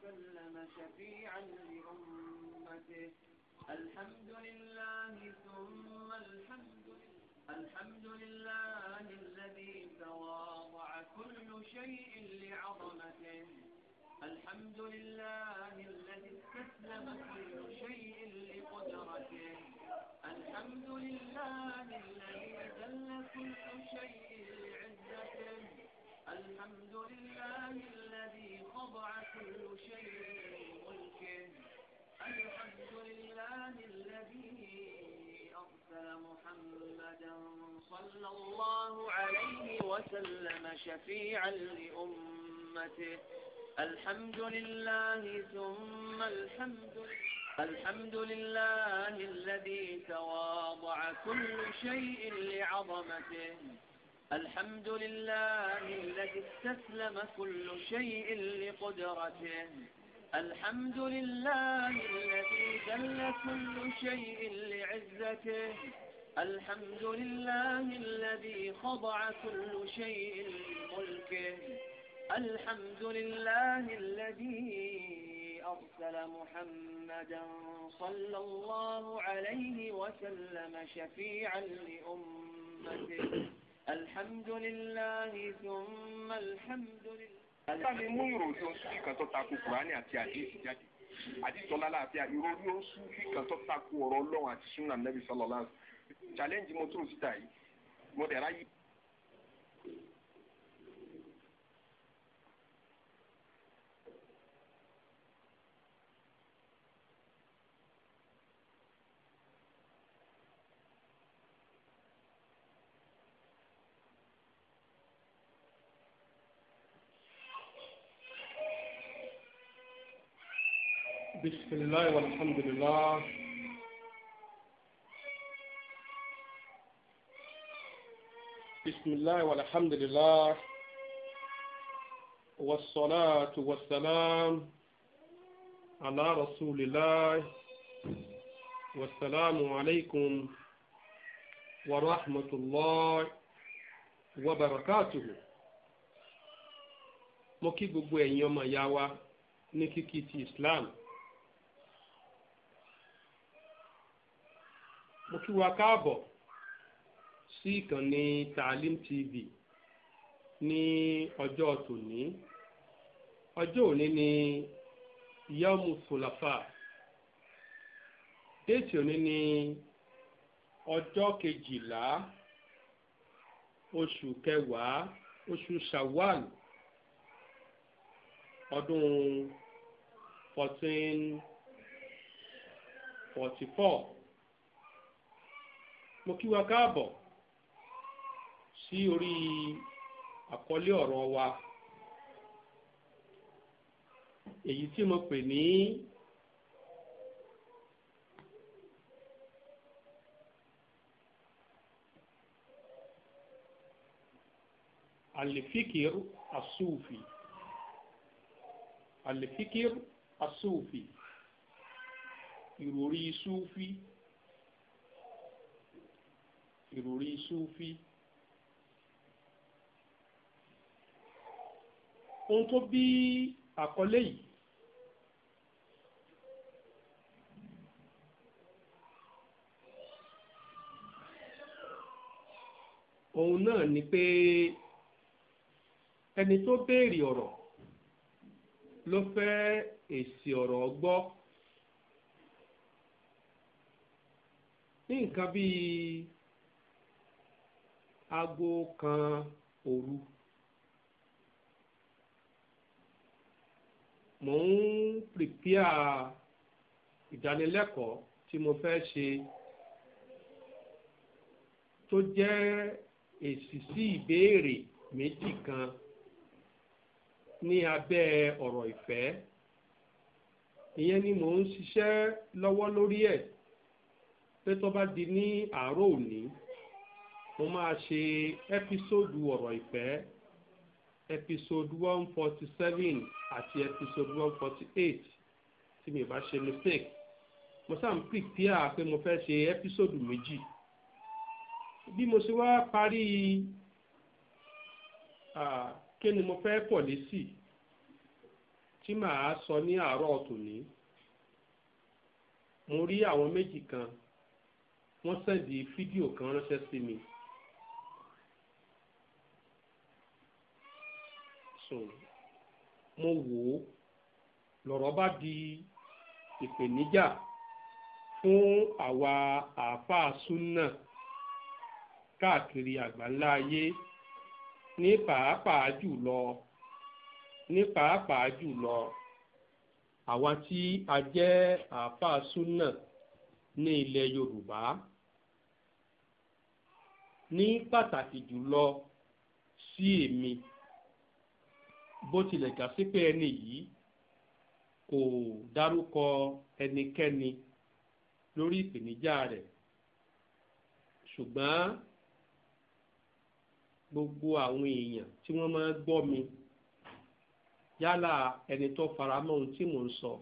وسلم شفيعا لأمته الحمد لله ثم الحمد الحمد لله الذي تواضع كل شيء لعظمته الحمد لله الذي استسلم كل شيء لقدرته الحمد لله الذي ذل كل شيء لعزته الحمد لله الذي خضع كل شيء لملكه الحمد لله الذي أرسل محمدا صلى الله عليه وسلم شفيعا لأمته الحمد لله ثم الحمد الحمد لله الذي تواضع كل شيء لعظمته الحمد لله الذي استسلم كل شيء لقدرته الحمد لله الذي ذل كل شيء لعزته الحمد لله الذي خضع كل شيء لملكه الحمد لله الذي أرسل محمدا صلى الله عليه وسلم شفيعا لأمته الحمد لله ثم الحمد لله. sáàmì mú ìròyìn oṣù kan tó takò kùránì àti àdéhùn jáde àdìsọ́lá láàfíà ìròyìn oṣù kan tó takò ọ̀rọ̀ ọlọ́run àti sunan nabi sallallahu alaihi wasallam challenge mo tún síta yìí mo dẹ̀ ráyè. بسم الله والحمد لله بسم الله والحمد لله والصلاة والسلام على رسول الله والسلام عليكم ورحمة الله وبركاته مكيبو بوي يوم ẹ̀yin ọmọ ìyá wa mo kí wa káàbọ̀ sí ìkànnì Taalim TV ní ọjọ́ tòní ọjọ́ òní ni yọ́mù fòlàfà déètì òní ni ọjọ́ kejìlá oṣù kẹwàá oṣù Shawwal ọdún fourteen forty four mo kí wa káàbọ̀ sí orí àkọlé ọ̀rọ̀ wa èyí tí mo pè ní alifikir asufi alifikir asufi ìròrí sufi. Al ìròrí súfí ohun tó bí àkọlé yìí òun náà ni pé ẹni tó béèrè ọ̀rọ̀ ló fẹ́ èsì ọ̀rọ̀ gbọ́. ní nǹkan bíi aago kan òru mo ń pìpíà ìdánilẹ́kọ̀ọ́ tí mo fẹ́ ṣe tó jẹ́ èsì sí ìbéèrè méjì kan ní abẹ́ ọ̀rọ̀ ìfẹ́ ìyẹn ni mò ń ṣiṣẹ́ lọ́wọ́ lórí ẹ̀ pé tó bá di ní àárọ̀ òní mo máa ṣe ẹ́písòdù ọ̀rọ̀ ìfẹ́ ẹ́písòdù one forty seven àti ẹ́písòdù one forty eight tí mi bá ṣe mistake mo sáà ń prepare pé mo fẹ́ ṣe ẹ́písòdù méjì bí mo ṣe wá parí kí ni mo fẹ́ pọ̀ lésì tí màá sọ ní àárọ̀ tòní mo rí àwọn méjì kan wọ́n sẹ́ndì fídíò kan ránṣẹ́ sí mi. so mo wò ó lọ̀rọ̀ bá di ìpèníjà fún àwa àáfàá súnà káàkiri àgbáńlá ayé ní pàápàá jùlọ ní pàápàá jùlọ àwa tí a jẹ́ àáfàá súnà ní ilẹ̀ Yorùbá ní pàtàkì jùlọ sí èmi. Si bó tilẹ̀ kà sí pé ẹni yìí kò dárúkọ ẹnikẹ́ni lórí ìpèníjà rẹ̀ ṣùgbọ́n gbogbo àwọn èèyàn tí wọ́n máa gbọ́ mi yálà ẹni tó faramọ́ ohun tí mò ń sọ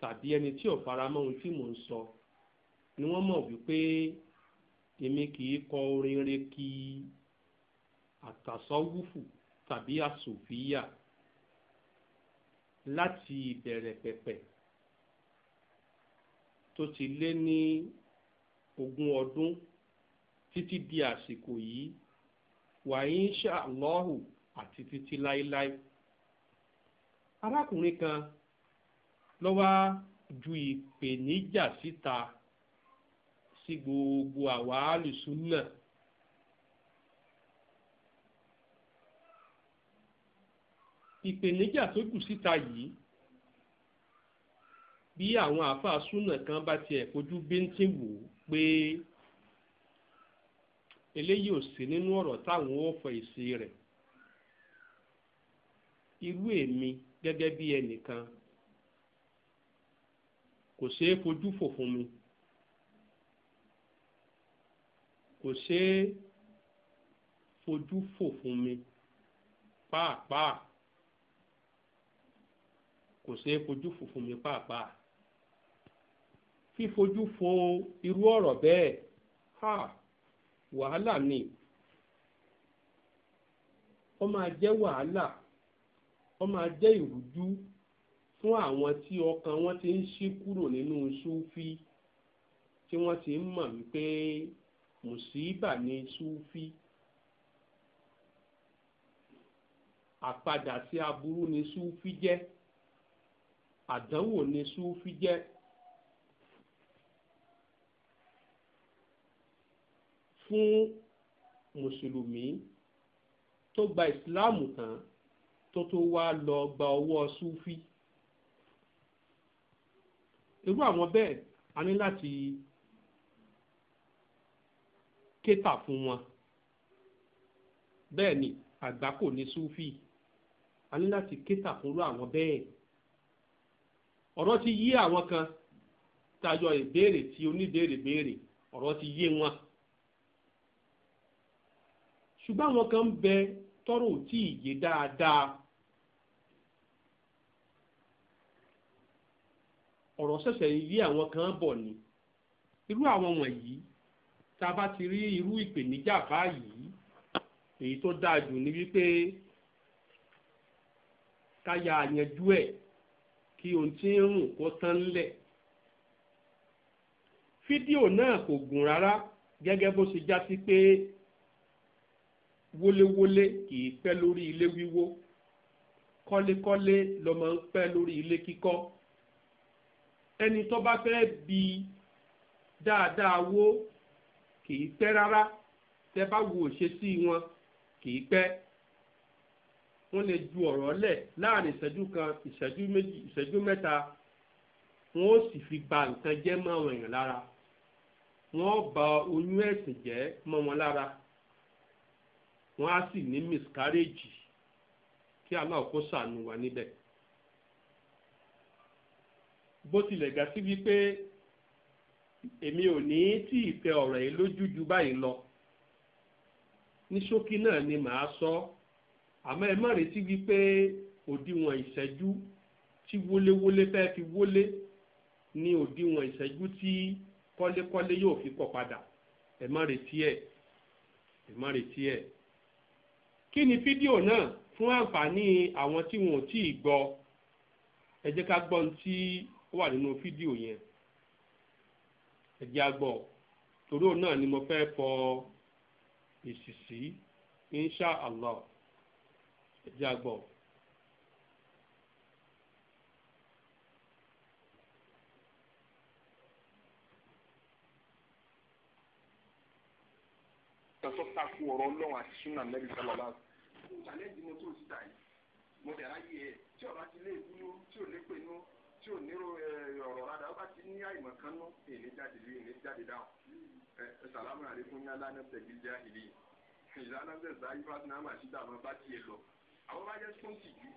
tàbí ẹni tí ò faramọ́ ohun tí mò ń sọ ni wọ́n mọ̀ wípé èmi kì í kọ orin rẹ̀ kí àtàsọ́wúfù. So tàbí àsòfíà láti ìbẹ̀rẹ̀ pẹ̀pẹ̀ tó ti lé ní ogún ọdún títí di àsìkò yìí wàyí ń ṣàlọ́hù àti títí láéláé. arákùnrin kan ló wá ju ìpèníjà síta sí gbogbo àwa alùsùn náà ìpèníjà tó jù síta yìí bí àwọn àáfàá súnà kan bá tiẹ̀ fojú bíntín wò ó pé eléyìí ò sí nínú ọ̀rọ̀ táwọn ó fọ èsì rẹ̀ irú èmi gẹ́gẹ́ bí ẹnìkan kò ṣeé fojú fò fún mi kò ṣeé fojú fò fún mi pàápàá kò ṣeé fojú fò fún mi pàápàá fífojú fo irú ọ̀rọ̀ bẹ́ẹ̀ ha wàhálà ni ó máa jẹ́ wàhálà ó máa jẹ́ ìrújú fún àwọn tí ọkàn wọn ti ń ṣí kúrò nínú súfí tí wọ́n ti ń mọ̀ wípé mùsíbà ni súfí àpadà sí aburú ni súfí jẹ́ àdánwò ni súfì jẹ́. fún mùsùlùmí tó gba ìsìláàmù tán tó tó wá lọ gba ọwọ́ súfì irú àwọn bẹ́ẹ̀ a ní láti kéta fún wọn bẹ́ẹ̀ ni àgbákò ní súfì a ní láti kéta fún irú àwọn bẹ́ẹ̀ ọ̀rọ̀ ti yé àwọn kan tayọ ìbéèrè tí oníbéèrè béèrè ọ̀rọ̀ ti yé wọn ṣùgbọ́n àwọn kan ń bẹ tọrọ ò tí ì yé dáadáa ọ̀rọ̀ ṣẹ̀ṣẹ̀ yé àwọn kan bọ̀ ni irú àwọn wọ̀nyí tá a bá ti rí irú ìpèníjà báyìí èyí tó dáa jù ni wípé ká yà á yanjú ẹ̀ kí ohun tí ń rùn kó tán lẹ̀ fídíò náà kò gùn rárá gẹ́gẹ́ bó ṣe já sí pé wólewóle kì í pẹ́ lórí ilé wíwó kọ́lékọ́lé lọ́mọ ń pẹ́ lórí ilé kíkọ́ ẹni tó bá fẹ́ bi dáadáa wó kì í pẹ́ rárá tẹ́ bá wo òṣèṣì wọn kì í pẹ́ wọ́n lè ju ọ̀rọ̀ lẹ̀ láàrin ìṣẹ́jú kan ìṣẹ́jú méjì ìṣẹ́jú mẹ́ta wọ́n ó sì fi ba nǹkan jẹ́ mọ́ àwọn èèyàn lára wọ́n ba oyún ẹ̀sìn jẹ́ mọ́ wọn lára wọ́n á sì ní miscarriage kí aláwọ̀ kó ṣàánú wa níbẹ̀. bó tilẹ̀ ga sí wípé èmi ò ní tí ìfẹ́ ọ̀rọ̀ yìí lójú ju báyìí lọ ní ṣókí náà ni màá sọ ọ́ àmọ́ ẹ má retí wípé òdiwọ̀n ìṣẹ́jú tí wọléwọlé fẹ́ fi wọlé ní òdiwọ̀n ìṣẹ́jú tí kọ́lékọ́lé yóò fi kọ́ padà ẹ má retí ẹ̀ ẹ má retí ẹ̀. kí ni fídíò náà fún àǹfààní àwọn tí wọn ò tí ì gbọ́ ẹ jẹ́ ká gbọ́ ohun tí ó wà nínú fídíò yẹn ẹ jẹ́ á gbọ́ torí òun náà ni mo fẹ́ fọ èsì sí ẹjẹ àgbọ̀. tọ́tọ́ ta kú ọ̀rọ̀ ọlọ́run àti súnà nẹ́bí sábàbá. fún ìtàlẹ́jì mo tó ń síta yìí mo dẹ̀ ráyè ẹ̀ tí ọ̀rọ̀ ti lé ìbúnú tí lé tí nírò eh, bá ti ní kan àwọn bá jẹ́ sóńtì jù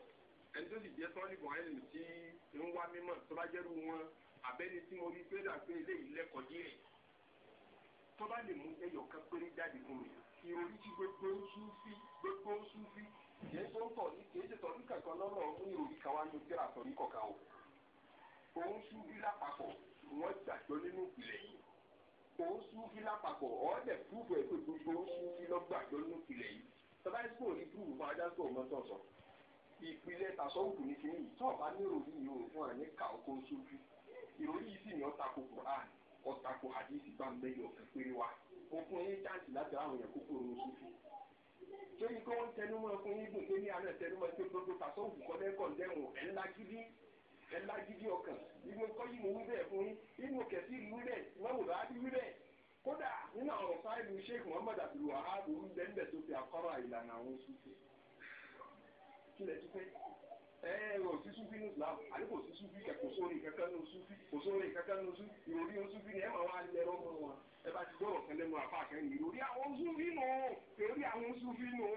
ẹni tó sì jẹ́ sọ́ọ́lìbù àyẹ̀lù tí ń wá mímọ̀ tó bá jẹ́rú wọn abẹ́ni tí mo rí pé dà pé eléyìí lẹ́kọ̀ọ́ díẹ̀ tó bá lè mú ẹyọ kan péré jáde fún mi ìròyìn tí gbogbo ń sún sí gbogbo ń sún sí kìí tó ń tọ̀ ní kìí ṣe tọ̀rí kankan lọ́rọ̀ ọdún ìròyìn kan wá ní ojúra tọ̀rí kọ̀ọ̀kan o òun sún bí lápapọ̀ wọ́n gbàjọ nínú ìpìlẹ̀ yìí òun sún bí lápapọ̀ ọ̀ọ́dẹ̀ fúfú ẹ̀ pé gbogbo ń sún sí lọ́gbàjọ nínú ìpìlẹ̀ yìí tọ́ba ẹ̀ sùkúrò ní túwù fún ajá sùkúrò mọ́ sọ̀sọ̀ ìpìlẹ̀ tàṣọ́wùkù ní kíní yìí tọ́ọ̀bá ní ìròyìn yìí ò fún àní ká oko sójú ìròyìn yìí sì ní ọ̀tako Quran ọ̀tako hadith gbàmbẹ́yọ̀ péré wa mo fún yín chance láti ráwọn èèyàn kókó ronú sójú torí kí wọ́n tẹnu mọ́ fún yín gùn kéde àná tẹnu mọ́ pé gbogbo tàṣọ́wùkù kọ́dẹ́kọ̀ dẹ́hùn ẹ̀ ńlá gidi ẹ̀ ńlá gidi ọkàn ìgbókọ́ yìí mo wí bẹ́ẹ̀ fún yín ìgbókẹ́sì wí bẹ́ẹ̀ ìwọ́n wò kódà nínú àwọn sáìbù sheikh muhammad abdul wahab ń bẹ́ńbẹ́ tó fi àkọ́rọ̀ ìlànà àwọn sufi kílẹ̀ tó fẹ́ ẹ ò sí sufi ní islam àbí kò sí sufi kẹ kò sóore kankan ní sufi kò sóore kankan ní sufi ìròrí ní sufi ni ẹ máa wá lẹ lọ́mọ wọn ẹ bá ti gbọ́rọ̀ kan lẹ́nu àbá kan ìròrí àwọn sufi nù ìròrí àwọn sufi nù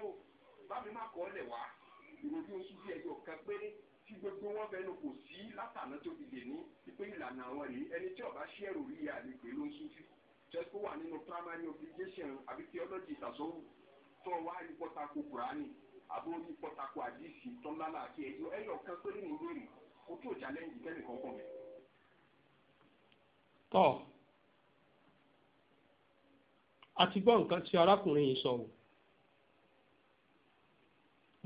bámi má kọ́ lẹ̀ wá ìròrí ní sufi ẹ̀jọ̀ kan péré tí gbogbo wọn bẹnu kò sí látàná tó fi lè ní pípé ìlànà àwọn rèé ẹni tí ọba ṣẹ́rù rí àlejò ló ń sufi tẹ́kọ̀ wà nínú primary obligation àbí theology ìtàsọ́wò tó wá rí pọ́tàkù kùránì àbó rí pọ́tàkù àdìsí tó lálà àti ẹ̀yọ ẹ̀yọ kan péré ní ìwé rí kó tó challenge kẹ́lẹ̀ kọ́kọ́ mi. tọ́ a ti gbọ́ nǹkan tí arákùnrin yìí sọ o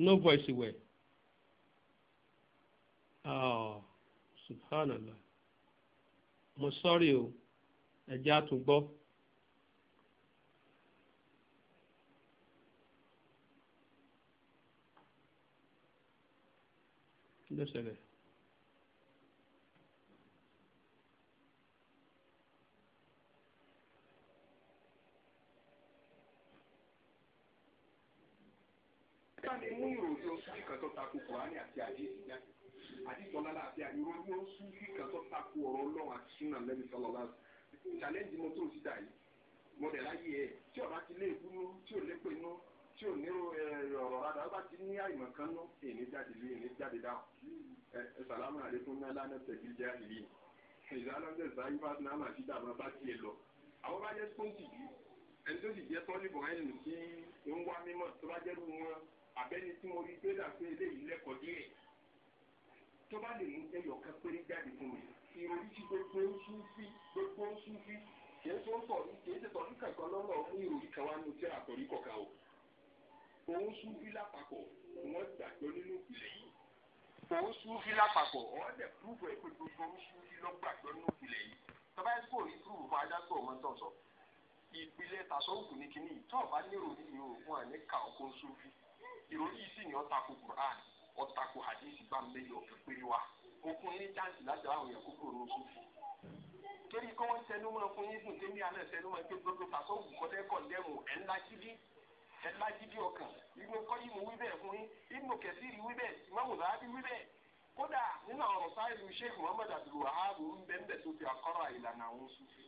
no voice wẹ̀ ah subhanallah mo sọ́rí o ẹ̀já tó gbọ́. kí ló ṣẹlẹ̀? ká lè mú ìròyìn oṣù kan tó takò kùránì àti àdéhùn náà àdéhùn ọlọ́lá àti àyùrọ̀ ní oṣù kan tó takò ọ̀rọ̀ ọlọ́run àti súnà lẹ́nu sọlọ́lá challenge mo tó síta yìí mo dẹ̀ láyé ẹ̀ tí ọ̀rá ti lé èkú nú tí ò lépè nú tí ò ní ọ̀rọ̀ rárá bá ti ní àìmọ̀ kan nú èmi jáde lé èmi jáde dáhùn ẹ sàlámù àlékún náà lánà tẹ̀sí jẹ́ àlèyé ìdánáńdẹ̀ sáyé bá ti náà máa ti dàbọ̀ bá tiẹ̀ lọ àwọn bá jẹ́ spọ́ǹtì yìí ẹni tó sì jẹ́ tọ́lì bọ̀ẹ́nì tí ń wá mímọ̀ tó bá jẹ́rú wọn abẹ́ni tí mo rí gbé dà pé eléyìí lẹ́kọ̀ọ́ díẹ̀ tó bá lè mú ẹyọ̀ kan péré jáde fún mi ìròyìn gbogbo oṣù fi gbogbo oṣù fi kìí tó ń tọ̀ ní kìí ṣe tọ̀ ní kankan lọ́nà mú ìròyìn kan wá ní tí àkọ́rí kọ̀ọ̀kan o òun sún fi lápapọ̀ wọ́n gbàgbọ́ nínú ìpìlẹ̀ yìí òun sún fi lápapọ̀ wọ́n dẹ̀ púrúfù ẹ̀ pé gbogbo òun sún fi lọ́gbàgbọ́ nínú ìpìlẹ̀ yìí tọ́ba ẹ̀ kò rí púrúfù fún ajá tó ọmọ tọ̀ sọ ìpìlẹ̀ tàṣọ́ọ̀kù kò fún yín chance láti àwọn èèyàn kó kúrò lóṣù torí kí wọ́n sẹ́nu mọ́ fún yín fún tèmi àná sẹ́nu mọ́ pé gbogbo pàṣẹ òkú kọ́tẹ́ kọ̀ lẹ́mù ẹ̀ ńlá jíbí ẹ̀ ńlá jíbí ọkàn ìgbò kọ́ yìí mo wí bẹ́ẹ̀ fún yín ìgbò kẹ̀sí rí wí bẹ́ẹ̀ ìmọ̀mù náà bí wí bẹ́ẹ̀ kódà nínú àwọn sáyẹ̀lú sheikh muhammed abdul wahab ń bẹ́ẹ̀ ń bẹ́ẹ̀ tó fi àkọ́rọ̀ ìlànà àwọn sùfẹ́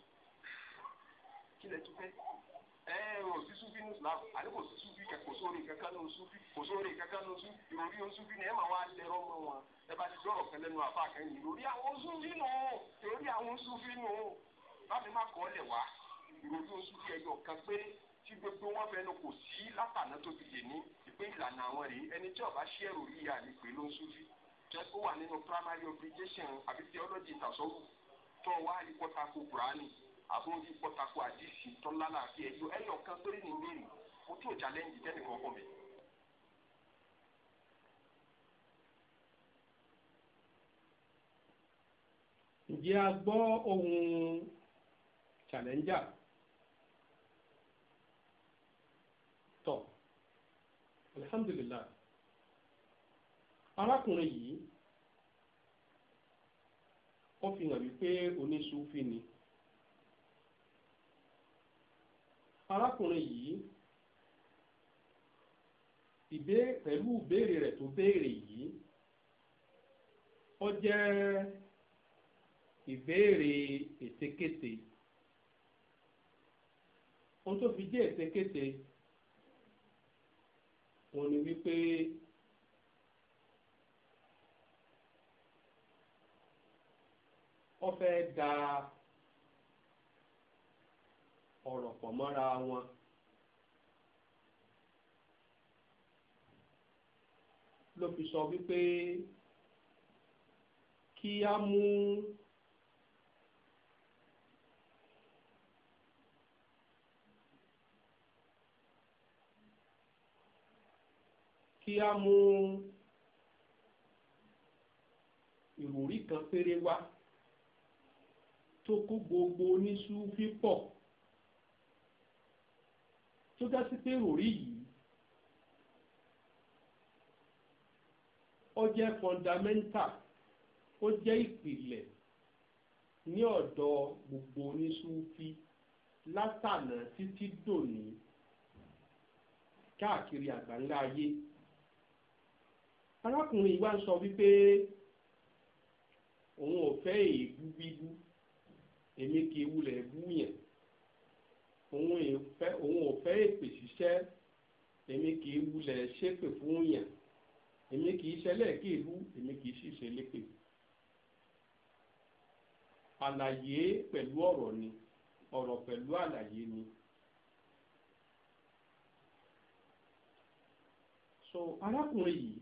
kílẹ̀ tó ẹ ò sí súfì ní islam àní kò sí súfì kò sóore kankan ní súfì kò sóore kankan ní súfì ìròrí osúfì ni ẹ máa wá lẹrọ mọ wọn ẹ bá ti dọ̀rọ̀ kan lẹ́nu àfa kan yìí ìròrí àwọn osúfì nù ìròrí àwọn osúfì nù bámi má kọ́ lẹ̀ wá ìròrí osúfì ẹ̀yọ̀ kan péré tí gbogbo wọn fẹnu kò sí látàná tó ti dè ní ìpín ìlànà àwọn rèé ẹni tí ọba ṣí ẹrù rí ìyá àlèpé ló ń súnfì jẹ́kó wà nínú primary obligation àbí theology ìtàsọ́wù tó wá ipò tako kùránì àbúrò yìí pọ́tàkù àdìsí tọ́lá láàbí ẹ̀yọ ẹ̀yọ kan péré ní mẹ́rin mo tí ò challenge kẹ́nìkan kọ́ mi. ǹjẹ́ a gbọ́ ohun challenger tọ́ alihamdulilayi arákùnrin yìí ó fi hàn wípé oníṣúfì ni. arákùnrin yìí pẹ̀lú ìbéèrè rẹ̀ tó béèrè yìí ó jẹ́ ìbéèrè ètekéte ohun tó fi jẹ́ ètekéte òun ni wípé ó fẹ́ da ọ̀rọ̀ pọ̀ mọ́ra wọn. ló fi sọ wípé kí á mú kí á mú ìròrí kan péré wá tó kó gbogbo oníṣú fípọ̀ tó já sí pé òrí yìí ó jẹ́ fọ́ndámẹ́ntà ó jẹ́ ìpìlẹ̀ ní ọ̀dọ̀ gbogbo oníṣúfí látànà títí dòní káàkiri àgbáńlá ayé arákùnrin wa ń sọ wípé òun ò fẹ́ èébú bíbú èmi kì í wulẹ̀ bú yẹn òun ò fẹ́ èpè ṣiṣẹ́ èmi kì í wulẹ̀ ṣépè fún yàn èmi kì í ṣẹlẹ̀ kí ìlú èmi kì í sì ṣe lépè. àlàyé pẹ̀lú ọ̀rọ̀ ni ọ̀rọ̀ pẹ̀lú àlàyé ni. so arákùnrin yìí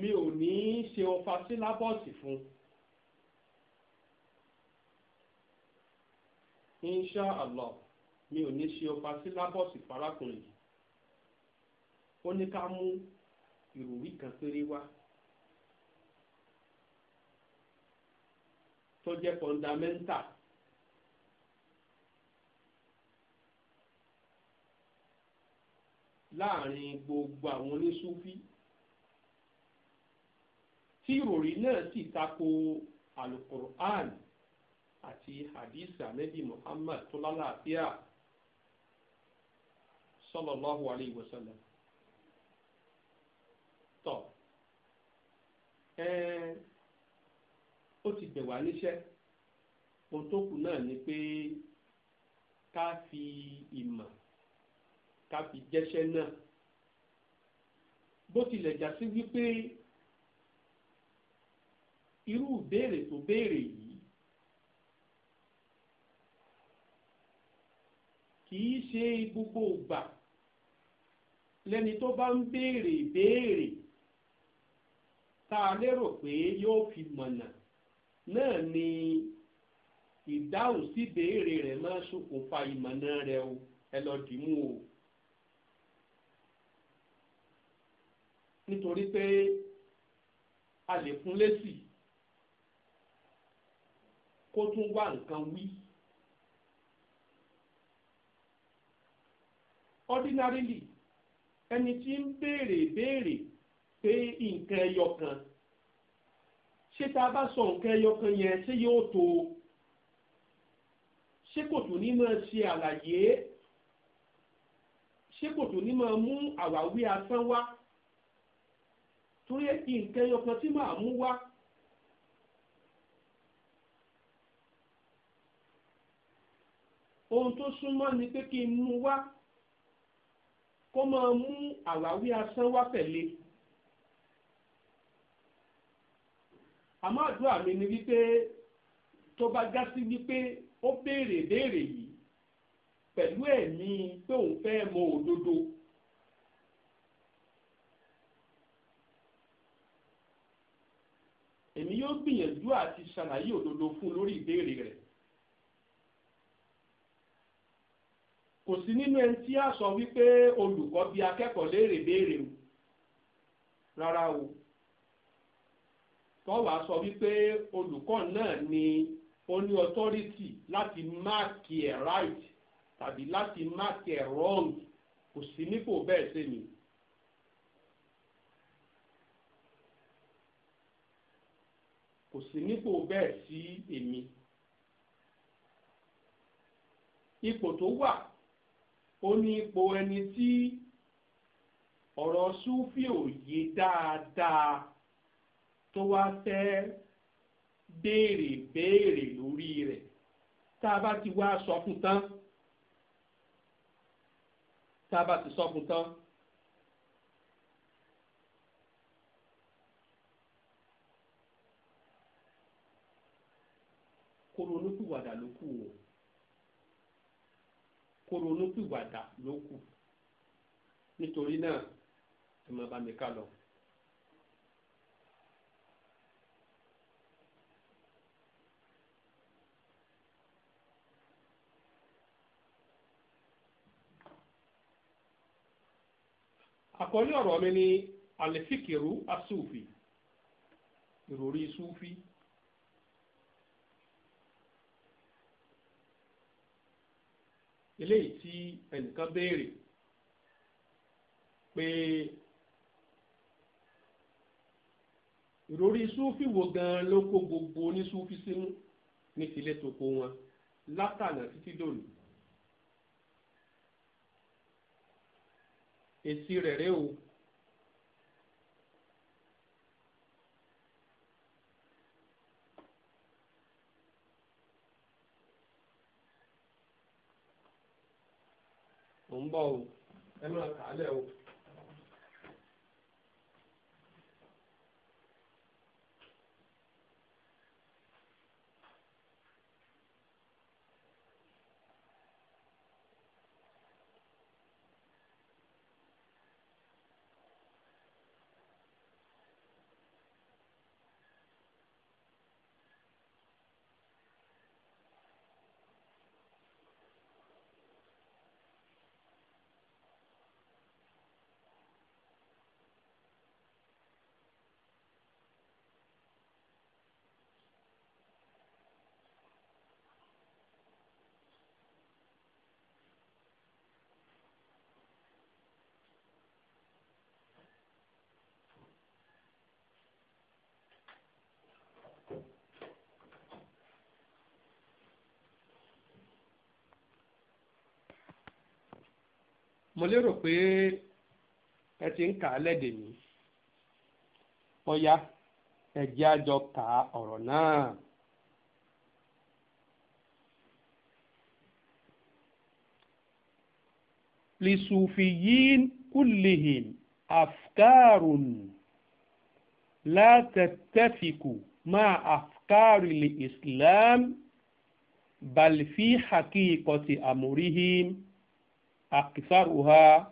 mi ò ní í ṣe ọfà sílábọ̀sì fún un insha allah mi ò ní ṣe ọpa sílábọ̀sì farakùnrin yìí ó ní ká mú ìròrí kan péré wá tó jẹ́ fọ́ndámẹ́ńtà láàrin gbogbo àwọn oníṣúfí tí ìròrí náà sì tako alukur'an àti hadith anabi muhammad tó lálàáfíà sallallahu alayhi wa sallam tọ ẹ ó ti bẹ̀ wá níṣẹ́ ohun tó kù náà ni pé ká fi ìmọ̀ ká fi jẹ́ṣẹ́ náà bó tilẹ̀ já sí wípé irú ìbéèrè tó béèrè yìí kì í ṣe gbogbo ìgbà lẹ́ni tó bá ń béèrè ìbéèrè tá a lérò pé yóò fi mọ̀nà náà ni ìdáhùn sí ìbéèrè rẹ̀ máa ṣokùnfà ìmọ̀nà rẹ̀ o ẹ lọ dìímú o. nítorí pé a lè fún lésì kó tún wá nǹkan wí. ordinarily ẹni tí ń béèrè béèrè pé nǹkan ẹyọ kan ṣé tá a bá sọ nǹkan ẹyọ kan yẹn ṣé yóò tó ṣé kò tún ní máa ṣe àlàyé ṣé kò tún ní máa mú àwáwí asán wá torí nǹkan ẹyọ kan tí màá mú wá. ohun tó súnmọ́ ni pé kí n mú wá kó máa mú àwáwí asán wá tẹ̀lé àmọ́ àdúrà mi ni wípé tó bá já sí wípé ó béèrè béèrè yìí pẹ̀lú ẹ̀mí pé òun fẹ́ mọ òdodo. èmi yóò gbìyànjú àti ṣàlàyé òdodo fún lórí ìbéèrè rẹ̀. kò sí nínú ẹni tí a sọ wípé olùkọ́ bí akẹ́kọ̀ọ́ léèrè béèrè o rárá o kọ́ sọ wípé olùkọ́ náà ni ó ní authority láti máàkì ẹ̀ right tàbí láti máàkì ẹ̀ wrong kò sí nípò bẹ́ẹ̀ sẹ́mi. kò sí nípò bẹ́ẹ̀ sí èmi ipò tó wà ó ní ipò ẹni tí ọ̀rọ̀ súfì ò yé dáadáa tó wá fẹ́ béèrè béèrè lórí rẹ̀ tá a bá ti wá sọ fún tán tá a bá ti sọ fún tán. kó ronú kúwàdà ló kù o kó ronúpìwàdà ló kù nítorí náà ẹ máa bá mi ká lọ. àkọlé ọ̀rọ̀ mi ni àlẹ́fíkèrú asúfì ìròrí súfì. eléyìí tí ẹnìkan béèrè pé ìròrí súfì wo gan ló kó gbogbo onísúfì sínú ní tilé toko wọn látànà títí dòní. èsì rẹ̀ rẹ́ o. ń bọ̀ o ẹ máa kà á lẹ̀ o. mo lérò pé ẹ ti ń kà á lẹ́dẹ̀ mi ọ̀ya ẹ jẹ́ a jọ ọ̀rọ̀ náà. للصوفيين كلهم أفكار لا تتفق مع أفكار الإسلام بل في حقيقة أمرهم akitharuha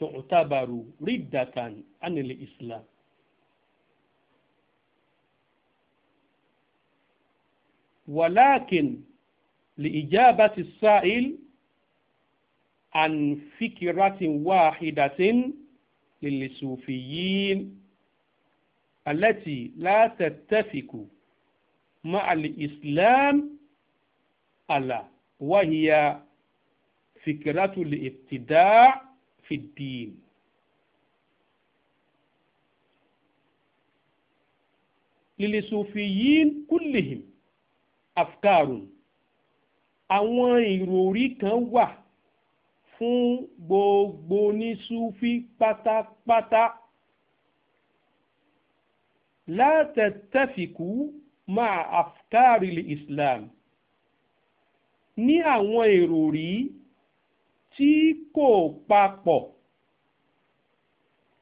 تعتبر ردة عن الإسلام، ولكن لإجابة السائل عن فكرة واحدة للصوفيين التي لا تتفق مع الإسلام ألا وهي fikiratu li ibtida fi diin. lilisufiyin kullihim afkarun àwọn ìròrí kan wà fún gbogbo onísúfí pátápátá la tattafiku máa afkari li islam ní àwọn ìròrí tí kò papọ̀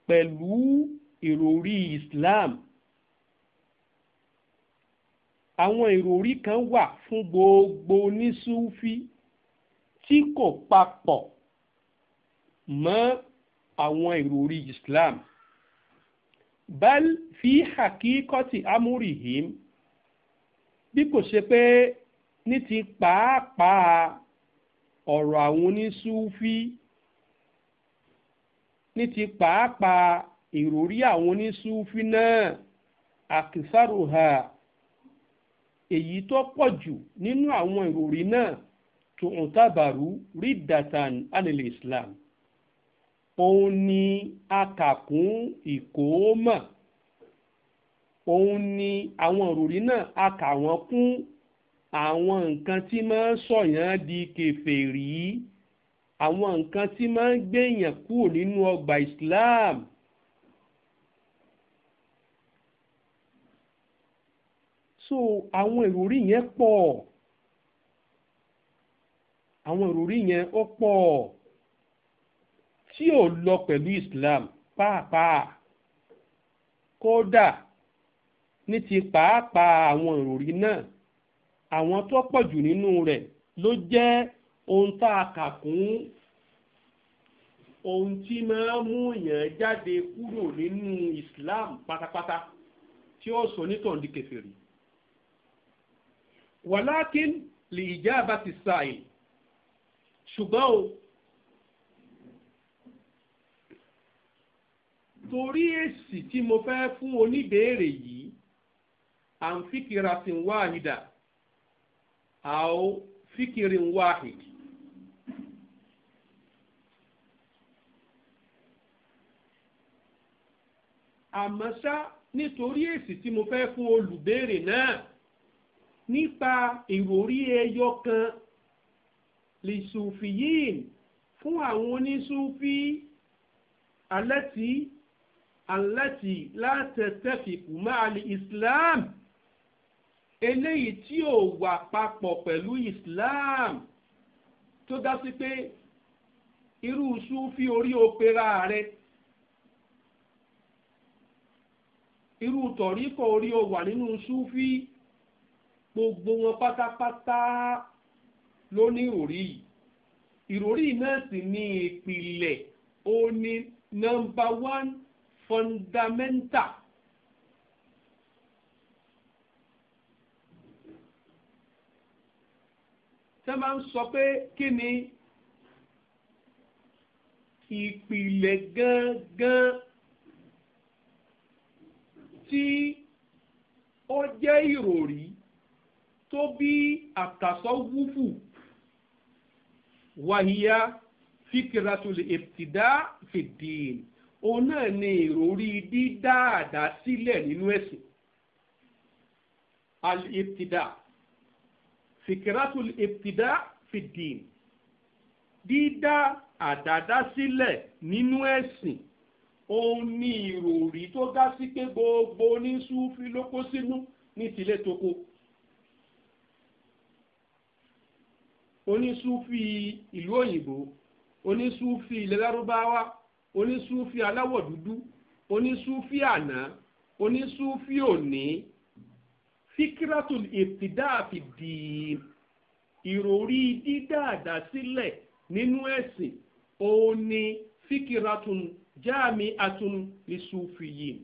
pẹ̀lú ìròrí Islam àwọn ìròrí kan wà fún gbogbo onísúfí tí kò papọ̀ mọ́ àwọn ìròrí Islam bal fi hakikati amurihim bí kò ṣe pé ní ti pàápàá ọ̀rọ̀ àwọn onísúfí ní ti pàápàá ìròrí àwọn onísúfí náà àkìsàròhà èyí tó pọ̀ jù nínú àwọn ìròrí náà tó ń tábàrú rí dàtàn Islam òun ni akàkún ìkóómà òun ni àwọn ìròrí náà akà kún àwọn nǹkan tí máa ń sọ̀yàn di kèfèrí àwọn nǹkan tí máa ń gbèyàn kúrò nínú ọgbà Islam. so àwọn ìròrí yẹn pọ̀ àwọn ìròrí yẹn ó pọ̀ tí ò lọ pẹ̀lú Islam pàápàá kódà ní ti pàápàá àwọn ìròrí náà àwọn tó pọ̀ jù nínú rẹ̀ ló jẹ́ ohun tá a kà kún ohun tí máa mú èèyàn jáde kúrò nínú Islam pátápátá tí ó sọ nítàn di kèfèrí wàlákin lè ìjà bá ti sàì ṣùgbọ́n o torí èsì tí mo fẹ́ fún oníbèérè yìí à ń fìkìrà sí wáhídà أو فكر واحد àmọ́ ṣá nítorí èsì tí mo fẹ́ fún olùbéèrè náà nípa ìròrí ẹyọ kan lìṣùfìyìn fún àwọn oníṣúfì alẹ́tì alẹ́tì látẹ̀tẹ̀fìkù máa lè Islam eléyìí tí ò wà papọ̀ pẹ̀lú Islam tó dá sí pé irú sufi orí opera rẹ irú tọ̀ríkọ̀ orí o wà nínú sufi gbogbo wọn pátápátá ló ní ìròrí yìí ìròrí náà sì ní ìpìlẹ̀ ó ní nọ́mbà one fundamental tẹ́ máa ń sọ pé kí ni ìpìlẹ̀ gangan tí ó jẹ́ ìròrí tó bí àtàsọ́wúfù wàhíyá fíkìrátulè ètìdá fìdíìn òun náà ni ìròrí dídáàdá sílẹ̀ nínú ẹ̀sìn al-ètìdá fikiratul ibtida fìdín dídá àdádásílẹ̀ nínú ẹ̀sìn òun ni ìròrí tó dá sí pé gbogbo oníṣúfì ló kó sínú ní tilé toko oníṣúfì ìlú òyìnbó oníṣúfì ilẹ̀ lárúbáwá oníṣúfì aláwọ̀ dúdú oníṣúfì àná oníṣúfì òní fikratul ibtidaafi diin ìròrí dídáàdá sílẹ̀ nínú ẹ̀sìn òun ni fikiratun jáàmì atun lisufiyin.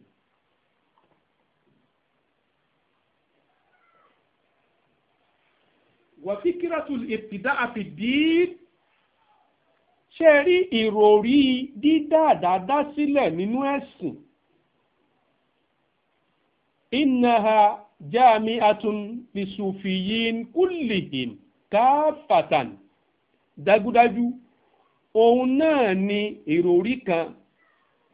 wà fikiratul ibtidaa fi diin ṣe rí ìròrí dídáàdá dá sílẹ̀ nínú ẹ̀sìn. innaha jami'atun lisufiyin kullihim káfàtàn dájúdájú òun náà ni ìròrí kan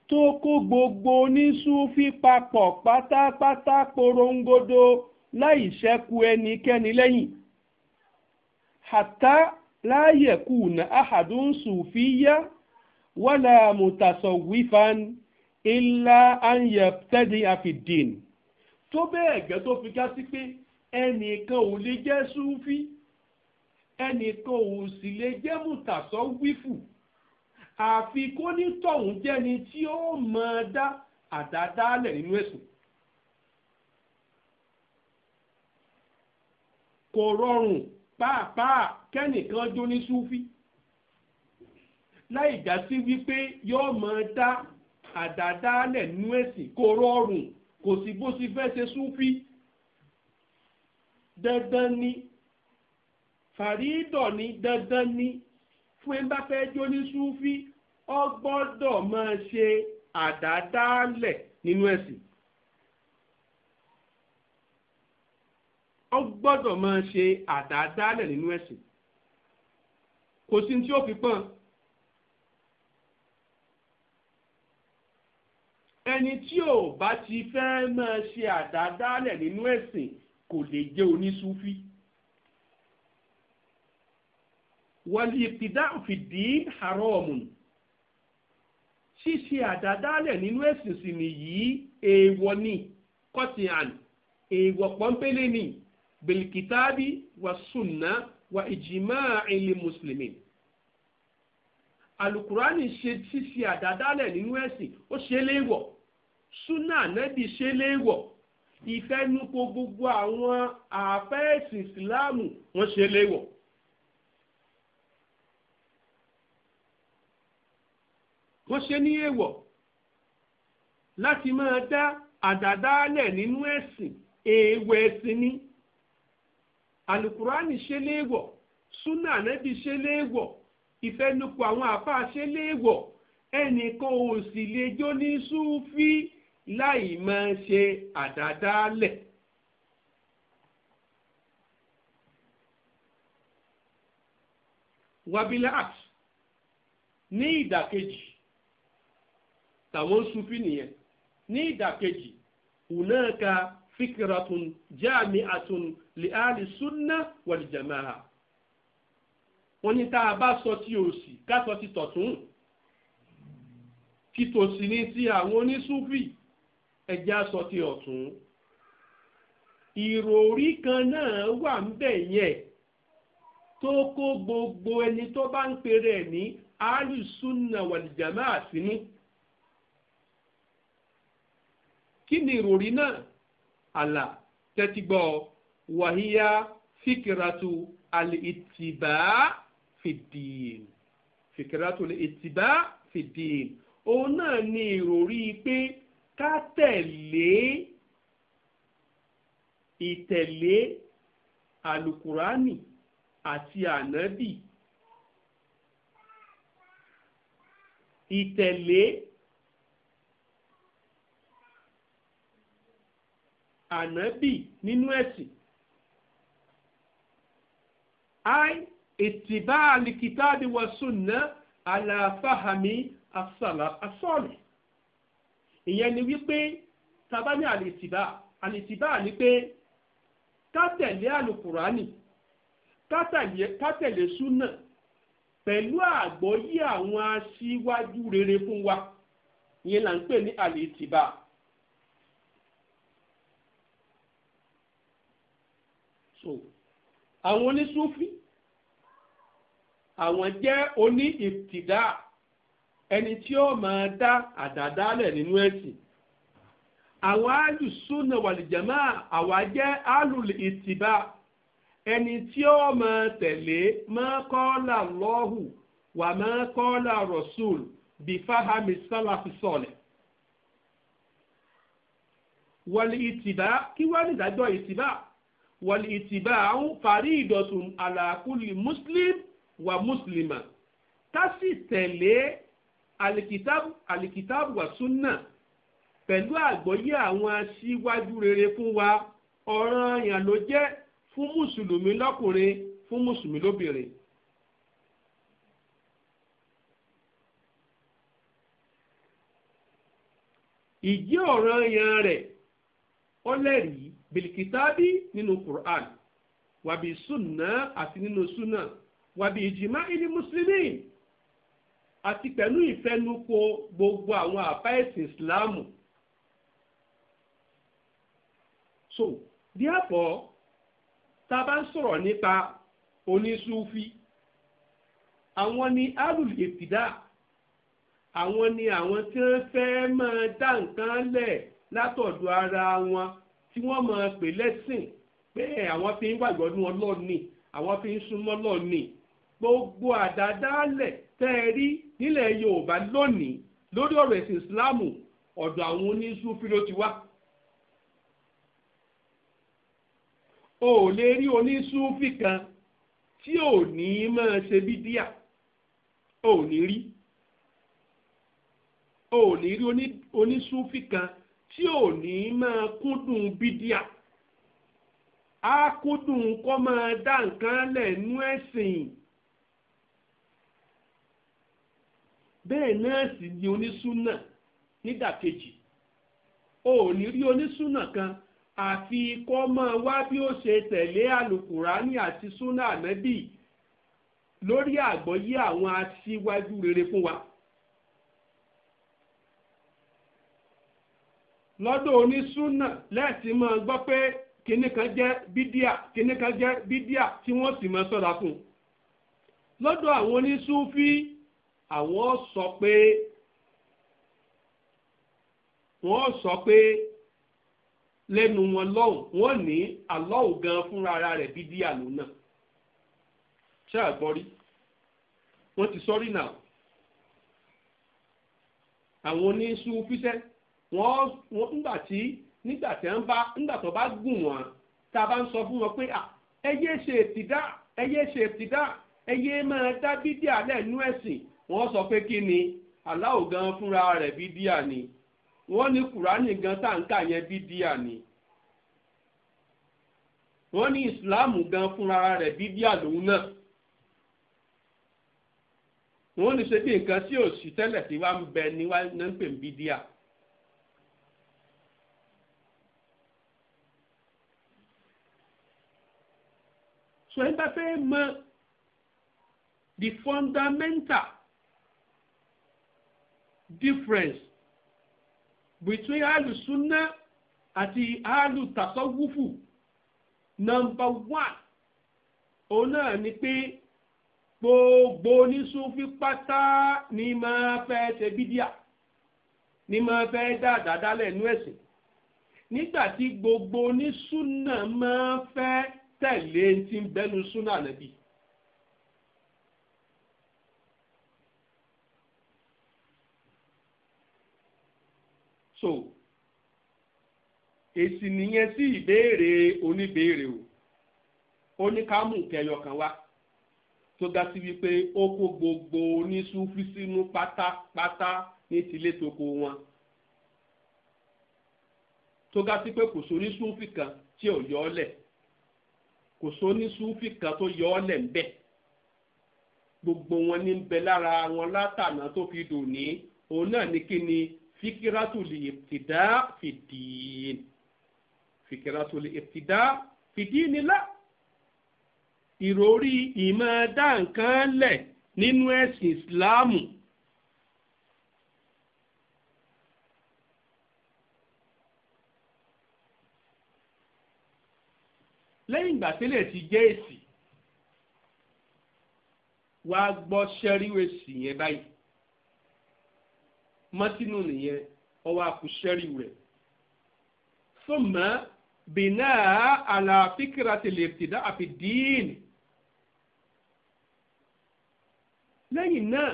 tó kó gbogbo onísúfí papọ̀ pátápátá porongodo láì ṣẹ́kù ẹnikẹ́ni lẹ́yìn hàtá láàyè kù nà áhàdùn sùfíyá wàlà mùtàsọ̀wífan ilá ànyẹ̀tẹ́dì àfìdín tó bẹ́ẹ̀ gẹ́ tó fi ká sí pé ẹnìkan ò lè jẹ́ súfí ẹnìkan ò sì lè jẹ́ mùtàsọ́ wífù àfi kó ní tọ̀hún jẹ́ni tí ó máa dá àdádálẹ̀ nínú ẹ̀sìn. kò rọrùn pàápàá kẹ́nìkan jó ní súfí láì já sí wípé yóò máa dá àdádálẹ̀ nínú ẹ̀sìn kò rọrùn kò sí bó ti fẹ́ ṣe súnfí dandan ni fàrídọ̀ ni dandan ni fún ẹ bá fẹ́ jó ní súnfí ọ gbọ́dọ̀ máa ṣe àdádálẹ̀ nínú ẹ̀sìn. ọ gbọ́dọ̀ máa ṣe àdádálẹ̀ nínú ẹ̀sìn kò sí tí ó fi pọ́n. ẹni tí ò bá ti fẹ́ máa ṣe àdádálẹ̀ nínú ẹ̀sìn kò lè jẹ́ onísúfí. wọ́n ìpìdá fìdí haramun ṣíṣe àdádálẹ̀ nínú ẹ̀sìn sì nìyí èèwọ̀ ni kọ́tì àn èèwọ̀ pọ́npélé ni bilkitabi wa sunna wa ìjìmá ilé mùsùlùmí alukurani ṣe ṣíṣe àdádálẹ̀ nínú ẹ̀sìn ó ṣe é Suna nẹ́bí ṣe léèwọ̀ ìfẹnukò gbogbo àwọn àfẹ́ẹ̀sìn ìsìláàmù wọ́n ṣe léèwọ̀. wọ́n ṣe ní èèwọ̀ láti máa dá àdàdálẹ̀ nínú ẹ̀sìn èèwọ̀ ẹ̀sìn ni alukurani ṣe léèwọ̀ súnà ànábì ṣe léèwọ̀ ìfẹnukò àwọn àfáà ṣe léèwọ̀ ẹnìkan ò sì lè jó ní súfì láì máa ṣe àdádálẹ̀. wabilat ní ìdàkejì tàwọn sufi nìyẹn ní ìdàkejì hunaka fikiratun jami'atun li'ali sunna wal jama'a wọ́n ní tá a bá sọ tí o sì ká ti tọ̀tún títòsí ní ti àwọn onísúfì ẹjẹ́ aṣọ ti ọ̀tún ìròrí kan náà wà ń bẹ̀ yẹn tó kó gbogbo ẹni tó bá ń pèrè ní alùsùnà wàlìjàmá àsínú kí ni ìròrí náà àlà tẹ́tí wàhíyá fìkìràtù àlìtìbá fìdíìn fìkìràtù àlìtìbá fìdíìn òun náà ni ìròrí pé ká tẹ̀lé ìtẹ̀lé alukurani àti ànábì ìtẹ̀lé ànábì nínú ẹ̀sìn ai ìtìbá alikitaabi wa sunna ala asala asọ́ọ̀lù ìyẹn ni wípé tàbá ní àlètìbá àlètìbá ni pé ká tẹ̀lé àlùkùránì ká tẹ̀lé súnà pẹ̀lú àgbọ́yé àwọn aṣíwájú rere fún wa ìyẹn là ń pè ní àlètìbá. so àwọn onísúfí àwọn jẹ́ oní ìtìdá ẹni tí ó máa dá àdàdálẹ̀ nínú ẹ̀sìn àwọn alùsùnà wàlìjàmá àwa jẹ́ alùlù ìtìbá ẹni tí ó máa tẹ̀lé máa kọ́lá lọ́hù wà máa kọ́lá rọ̀ṣùl bí fáhámi sálàfi sọ̀lẹ̀. wàlì ìtìbá kí wá ní ìdájọ́ ìtìbá wàlì ìtìbá ń parí ìdọ̀tún àlàkùlì muslim wà muslima ká sì tẹ̀lé alikitabu alikitabu wa sunna pẹ̀lú àgbọ́yé àwọn aṣíwájú rere fún wa ọ̀ranyàn ló jẹ́ fún mùsùlùmí lọ́kùnrin fún mùsùlùmí lóbìnrin. ìjí ọ̀ranyàn rẹ̀ ó lẹ́rìí bìlìkìtàbí nínú Qur'an wàbí sunna àti nínú sunna wàbí ìjìmá ilé mùsùlùmí àti pẹ̀lú ìfẹnukò gbogbo àwọn àbá ẹ̀sìn ìsìláàmù. so therefore tá a bá ń sọ̀rọ̀ nípa onísúfí àwọn ni alùlù ìtìdá àwọn ni àwọn tí wọ́n fẹ́ máa dá nǹkan lẹ̀ látọ̀dọ̀ ara wọn tí wọ́n máa pè lẹ́sìn pé àwọn fi ń gbàgbọ́ ọlọ́ọ̀ni àwọn fi ń súnmọ́ lọ́ọ̀ni gbogbo àdádálẹ̀ tẹ́ ẹ rí nílẹ̀ Yorùbá lónìí lórí ọ̀rọ̀ ẹ̀sìn Ìsìláàmù ọ̀dọ̀ àwọn oníṣúfì ló ti wá. o ò lè rí oníṣúfì kan tí ò ní máa ṣe bídíà o ò ní rí o ò ní rí oníṣúfì kan tí ò ní máa kúndùn bídíà á kúndùn kọ́ máa dá nǹkan lẹ̀ nú ẹ̀sìn. bẹ́ẹ̀ náà sì ni onísúnà nídàkejì o ò ní rí onísúnà kan àfi kọ́ máa wá bí ó ṣe tẹ̀lé àlùkùránì àti súnà ànábì lórí àgbọ́yé àwọn aṣíwájú rere fún wa. lọ́dọ̀ onísúnà lẹ́ẹ̀sì máa gbọ́ pé kinní kan jẹ́ bídíà kinní kan jẹ́ bídíà tí wọ́n sì máa sọ́ra fún un. lọ́dọ̀ àwọn onísúfí àwọn sọ pé wọ́n sọ pé lẹ́nu wọn lọ́hùn wọ́n ní àlọ́hùn gan fúnra ara rẹ̀ bíi díà ló náà ṣé àgbọ́rí wọ́n ti sọ́rí náà àwọn oníṣú fíṣẹ́ wọ́n nígbà tí nígbà tí wọ́n bá nígbà tó bá gùn wọ́n tá a bá ń sọ fún wọn pé ẹ yé ṣe ètìdá ẹ yé ṣe ètìdá ẹ yé máa dá bídíà lẹ́nu ẹ̀sìn wọ́n sọ pé kí ni aláwo gan fúnra rẹ̀ bídíà ni wọ́n ní kùránì gan táǹkà yẹn bídíà ni wọ́n ní ìsìláàmù gan fúnra rẹ̀ bídíà lòun náà wọ́n ní ṣe bí nǹkan tí ò tẹ́lẹ̀ tí wàá ń bẹ ní wàá ń pè ń bídíà. so ẹ bá fẹ́ mọ the fundamental difference between alusunna àti alutasawufu number one òun náà ni pé gbogbo onísúnfí pátá ni máa fẹ́ ṣe bídíà ni máa fẹ́ dáadáa dálẹ̀ nú ẹ̀sìn nígbà tí gbogbo onísúnà máa fẹ́ tẹ̀lé ti ń bẹ́nu súnà nàbí so èsì nìyẹn sí ìbéèrè oníbéèrè o ó ní ká mú kẹyọ kan wá tó ga sí wípé ó kó gbogbo oníṣúfí pátápátá ní tilé toko wọn tó ga sí pé kò sóní súfì kan tí ò yọ ọ́ lẹ̀ kò sóní súfì kan tó yọ ọ́ lẹ̀ ń gbogbo wọn ní bẹ lára wọn látànà tó fi dùn ní òun náà ní kí ni fikiratu li ibtida fi diin fikiratu li ibtida fi diin ni la ìròrí ìmọ̀ dá nǹkan lẹ̀ nínú ẹ̀sìn ìsìláàmù. lẹ́yìn ìgbà tí lè ti jẹ́ èsì wàá gbọ́ sẹ́ríwèsì yẹn báyìí mọ́tínù nìyẹn ọwọ́ àkùsẹ́rì rẹ̀. sọ́mà bìnnà àlàáfíkìrà tẹ̀lé ìbtìdá àfi díìnì. lẹ́yìn náà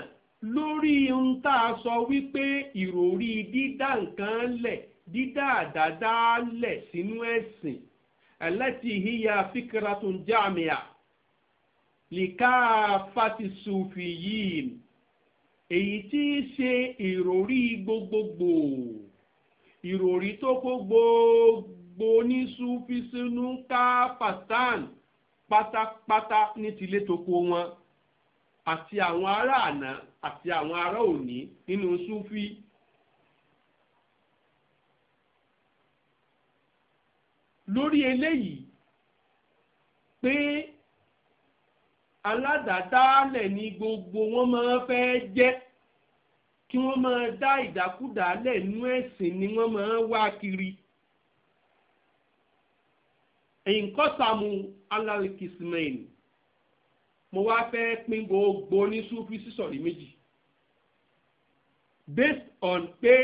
lórí ohun tá a sọ wípé ìròrí dídá nǹkan lẹ̀ dídá àdádá lẹ̀ sínú ẹ̀sìn ẹlẹ́tì híya fíkìrà tó ń jáàmìà lìkà fati sùfìyìn. èyí tí í ṣe ìròrí gbogbogbò ìròrí tó kó gbogbo ní sùfìsínú ká pàtàn pátápátá ní tilé toko wọn àti àwọn ará àná àti àwọn ará òní nínú sùfì. lórí eléyìí pé aládàádálẹ̀ ni gbogbo wọn máa fẹ́ jẹ́ kí wọ́n máa dá ìdákúdà lẹ̀ nú ẹ̀sìn ni wọ́n máa wá kiri. ìǹkọ́sàmù alárikismail mo wá fẹ́ pín gbogbo oníṣúfì sísọ̀rí méjì based on pé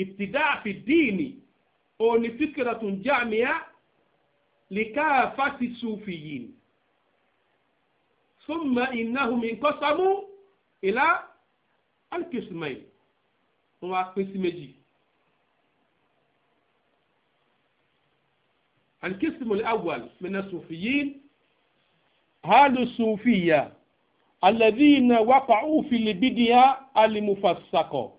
ìtìdá àfìdíìnì òní fíkìrọ̀tún jáàmíà lìkáàfà ti súfì yìí. ثم إنهم inqasamu إلى alkismail wọ́n wá pín القسم الأول من الصوفيين أهل الصوفية الذين وقعوا في البدع المفسقة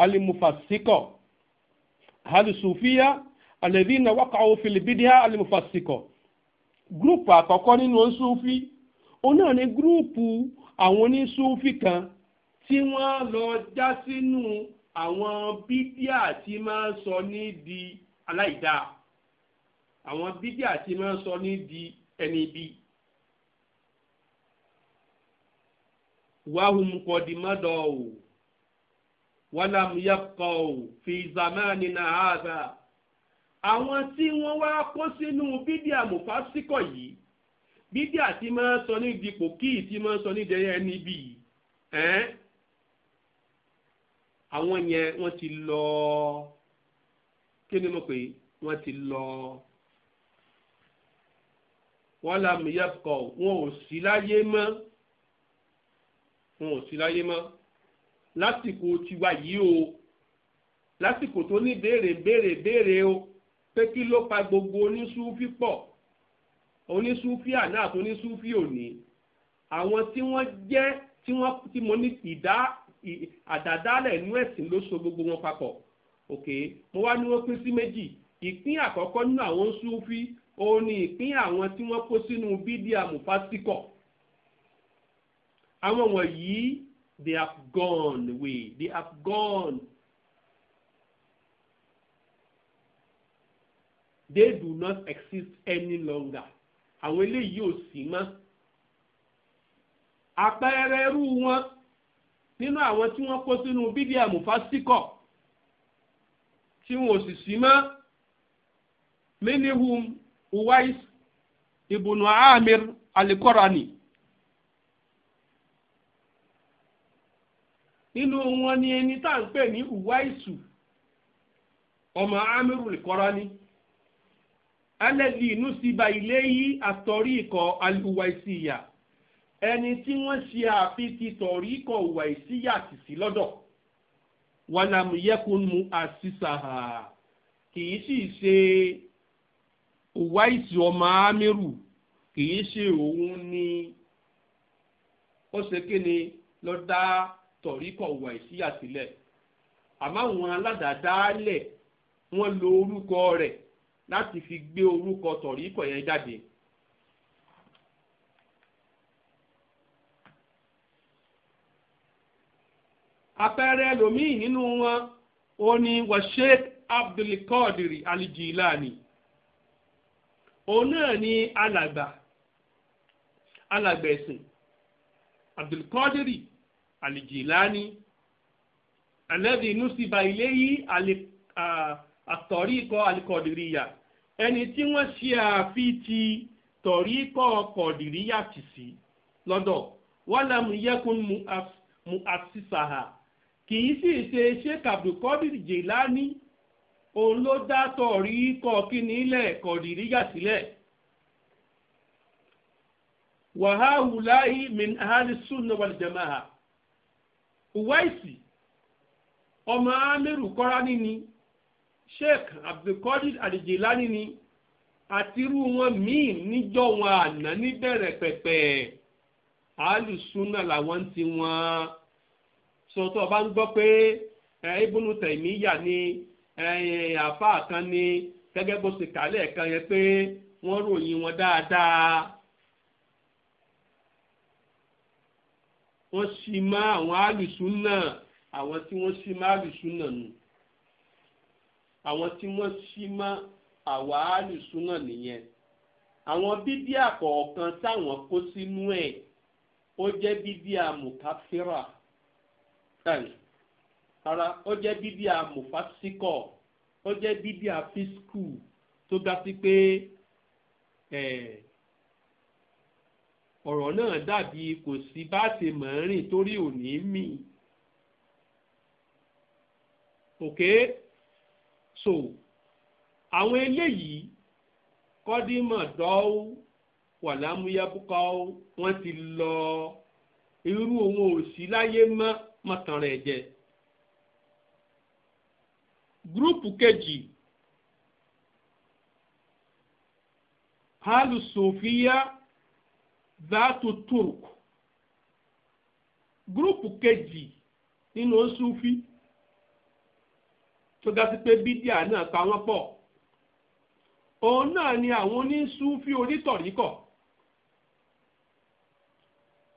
المفسقة أهل الصوفية الذين وقعوا في البدع المفسقة group àkọ́kọ́ nínú صوفي òun náà ni gúrúùpù àwọn oníṣúfì kan tí wọ́n lọ já sínú àwọn bídíà tí máa ń sọ ní di aláìdáa àwọn bídíà tí máa ń sọ ní di ẹni bí. wàhùn kọ̀dìmọ́dọ̀ o wàlám yẹpọ̀ o fi zamani na hàdà àwọn tí wọ́n wá kó sínú bídíà mùfásíkọ̀ yìí bíbí àti máa sọ ní dipò kí ìtì máa sọ ní dẹyẹ níbí yìí àwọn yẹn wọ́n ti lọ kí ni mo pè wọ́n ti lọ wọ́n lámìyàpọ̀ wọn ò sí láyé mọ́ wọn ò sí láyé mọ́ lásìkò tiwa yìí o lásìkò tó ní béèrè béèrè béèrè o pé kí ló pa gbogbo oníṣú pípọ̀ onísúfì àná àti onísúfì òní àwọn tí wọ́n jẹ́ tí wọ́n tí mo ní ìdá àdàdálẹ̀ inú ẹ̀sìn ló so gbogbo wọn papọ̀ òkè mo wá ní wọ́n pín sí méjì ìpín àkọ́kọ́ nínú àwọn súfì òun ni ìpín àwọn tí wọ́n kó sínú bídíà mufasikọ̀ àwọn wọ̀nyí they have gone away they have gone they do not exist any longer. àwọn eléyìí ò sí mọ́ àpẹẹrẹ irú wọn nínú àwọn tí wọ́n kó sínú bídíà mufasíkọ̀ tí wọn ò sì sí mọ́ minihum uwais ibùnú amir alikorani nínú wọn ni ẹni tá à ń pè ní uwaisu ọmọ amir alikorani. alẹ́lì nusiba iléyí àtọ̀rí ikọ̀ alùwàìsíyà ẹni tí wọ́n ṣe àfitì tọ̀rí ikọ̀ wàìsíyà sì sí lọ́dọ̀ wàlámù yẹkùn mu àṣìṣàhà sì ṣe wáìsì ọmọ amírù kì ṣe òun ni ó ṣe kí ni lọ dá tọ̀rí ikọ̀ wàìsíyà sílẹ̀ àmọ́ àwọn aládàádáálẹ̀ wọ́n lo orúkọ rẹ̀ láti fi gbé orúkọ tọ̀ríkọ̀ yẹn jáde. àpẹẹrẹ ẹlòmíì nínú wọn ó ní wa Sheikh Abdulkadiri Alijilani òun náà ní alàgbà alàgbà ẹ̀sìn Abdulkadiri Alijilani alẹ́bí nusiba ilé yìí alẹ́. Uh, àtọ̀rí ikọ̀ alikọ̀dìríyà ẹni tí wọ́n ṣe àfi ti tọ̀rí ikọ̀ kọ̀dìríyà tì sí lọ́dọ̀ wọ́n lẹ́mu yẹ́kun mu àṣìṣàhà kì í sì ṣe sheikh abdulkadir jelani òun ló dá tọ̀rí ikọ̀ kíní ilẹ̀ kọ̀dìríyà sílẹ̀ wàháhùláì min ahalisunna wàlìjàmáà uwaisi ọmọ amẹ́rù kọ́ra níní sheikh abdulkadir alijilani ni àtirú wọn míì níjọ́ wọn àná níbẹ̀rẹ̀ pẹ̀pẹ̀ alùsùnà làwọn ti wọn sọtọ bá ń gbọ́ pé ibùnú tẹmíyà ni àáfàá kan ni gẹ́gẹ́ bó ṣe kàlẹ̀ kan yẹn pé wọ́n ròyìn wọn dáadáa wọ́n sì máa àwọn alùsùnà àwọn tí wọ́n sì máa alùsùnà nù àwọn tí wọ́n sì mọ́ àwa àlùsúnà nìyẹn àwọn bídíà kọ̀ọ̀kan táwọn kó sínú ẹ̀ ó jẹ́ bídíà mùkáfírà rárá ó jẹ́ bídíà mùfásíkọ̀ ó jẹ́ bídíà fískù tó ga sí pé ọ̀rọ̀ náà dàbí kò sí bá ṣe mọ̀ọ́rìn torí òní mì. Okay? so àwọn eléyìí kọ́dímọ̀ dọ́wọ́ wàlámúyábùkọ́ wọ́n ti lọ irú òun ò sí láyé mọ́ mọ́tàn rẹ̀ jẹ. gúrúùpù kejì alùsòfíà dàtú turk gúrúùpù kejì nínú Sufi. No tó dá sí pé bídíà náà pa wọ́n pọ̀ òun náà ni àwọn onísúfí onítọ̀ríkọ̀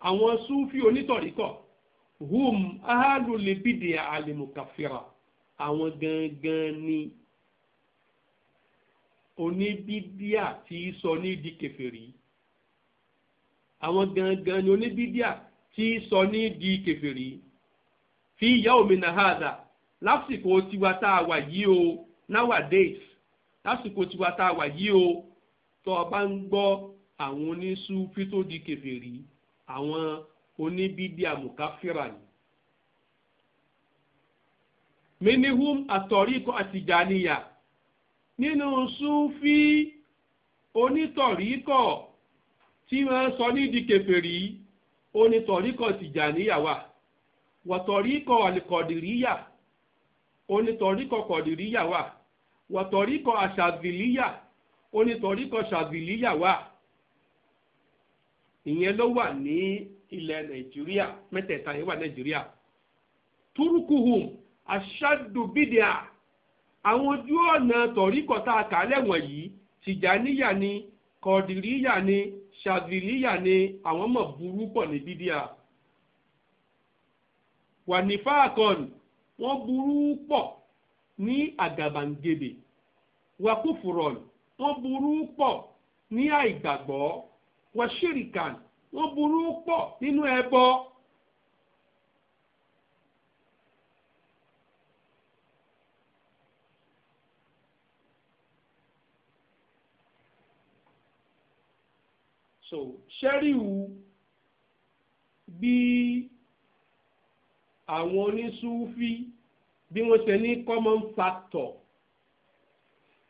àwọn súfí onítọ̀ríkọ̀ hum ahálùlẹ̀ bídíà àlèmùkàfìrà àwọn gangan ni oníbídíà tí í sọ ní di kèfèrí àwọn gangan ni oníbídíà tí í sọ ní di kèfèrí fi yawmina hadha lásìkò tiwa tá a wà yìí o nowadays lásìkò tiwa tá a wà yìí o tó o bá ń gbọ́ àwọn oníṣúfí tó di kèfèrí àwọn oníbídìí àmùkáfíra ni. minihum àtọ̀ríkọ àtìjàníyà nínú súfí onítọ̀ríkọ̀ tí wọ́n sọ ní di kèfèrí onítọ̀ríkọ̀ tìjàníyà wà wọ̀tọ̀ríkọ̀ àlìkọ̀dìríyà. onítọ̀ríkọ̀ kọ̀dìríyà wà wọ̀tọ̀ríkọ̀ àṣàbìlíyà onítọ̀ríkọ̀ ṣàbìlíyà wà ìyẹn ló wà ní ilẹ̀ nàìjíríà mẹ́tẹ̀ẹ̀ta yẹn wà nàìjíríà àwọn ojú ọ̀nà tọ̀ríkọ̀ tá a ni ni ni àwọn mọ̀ burú pọ̀ ní wà ní wọ́n burú pọ̀ ní àgàbàǹgebè wakúfùrọ̀n wọ́n burú pọ̀ ní àìgbàgbọ́ wàṣírìkàn wọ́n burú pọ̀ nínú ẹbọ. so ṣẹ́ríwù bíi àwọn onísúfí bí wọ́n ṣe ní common factor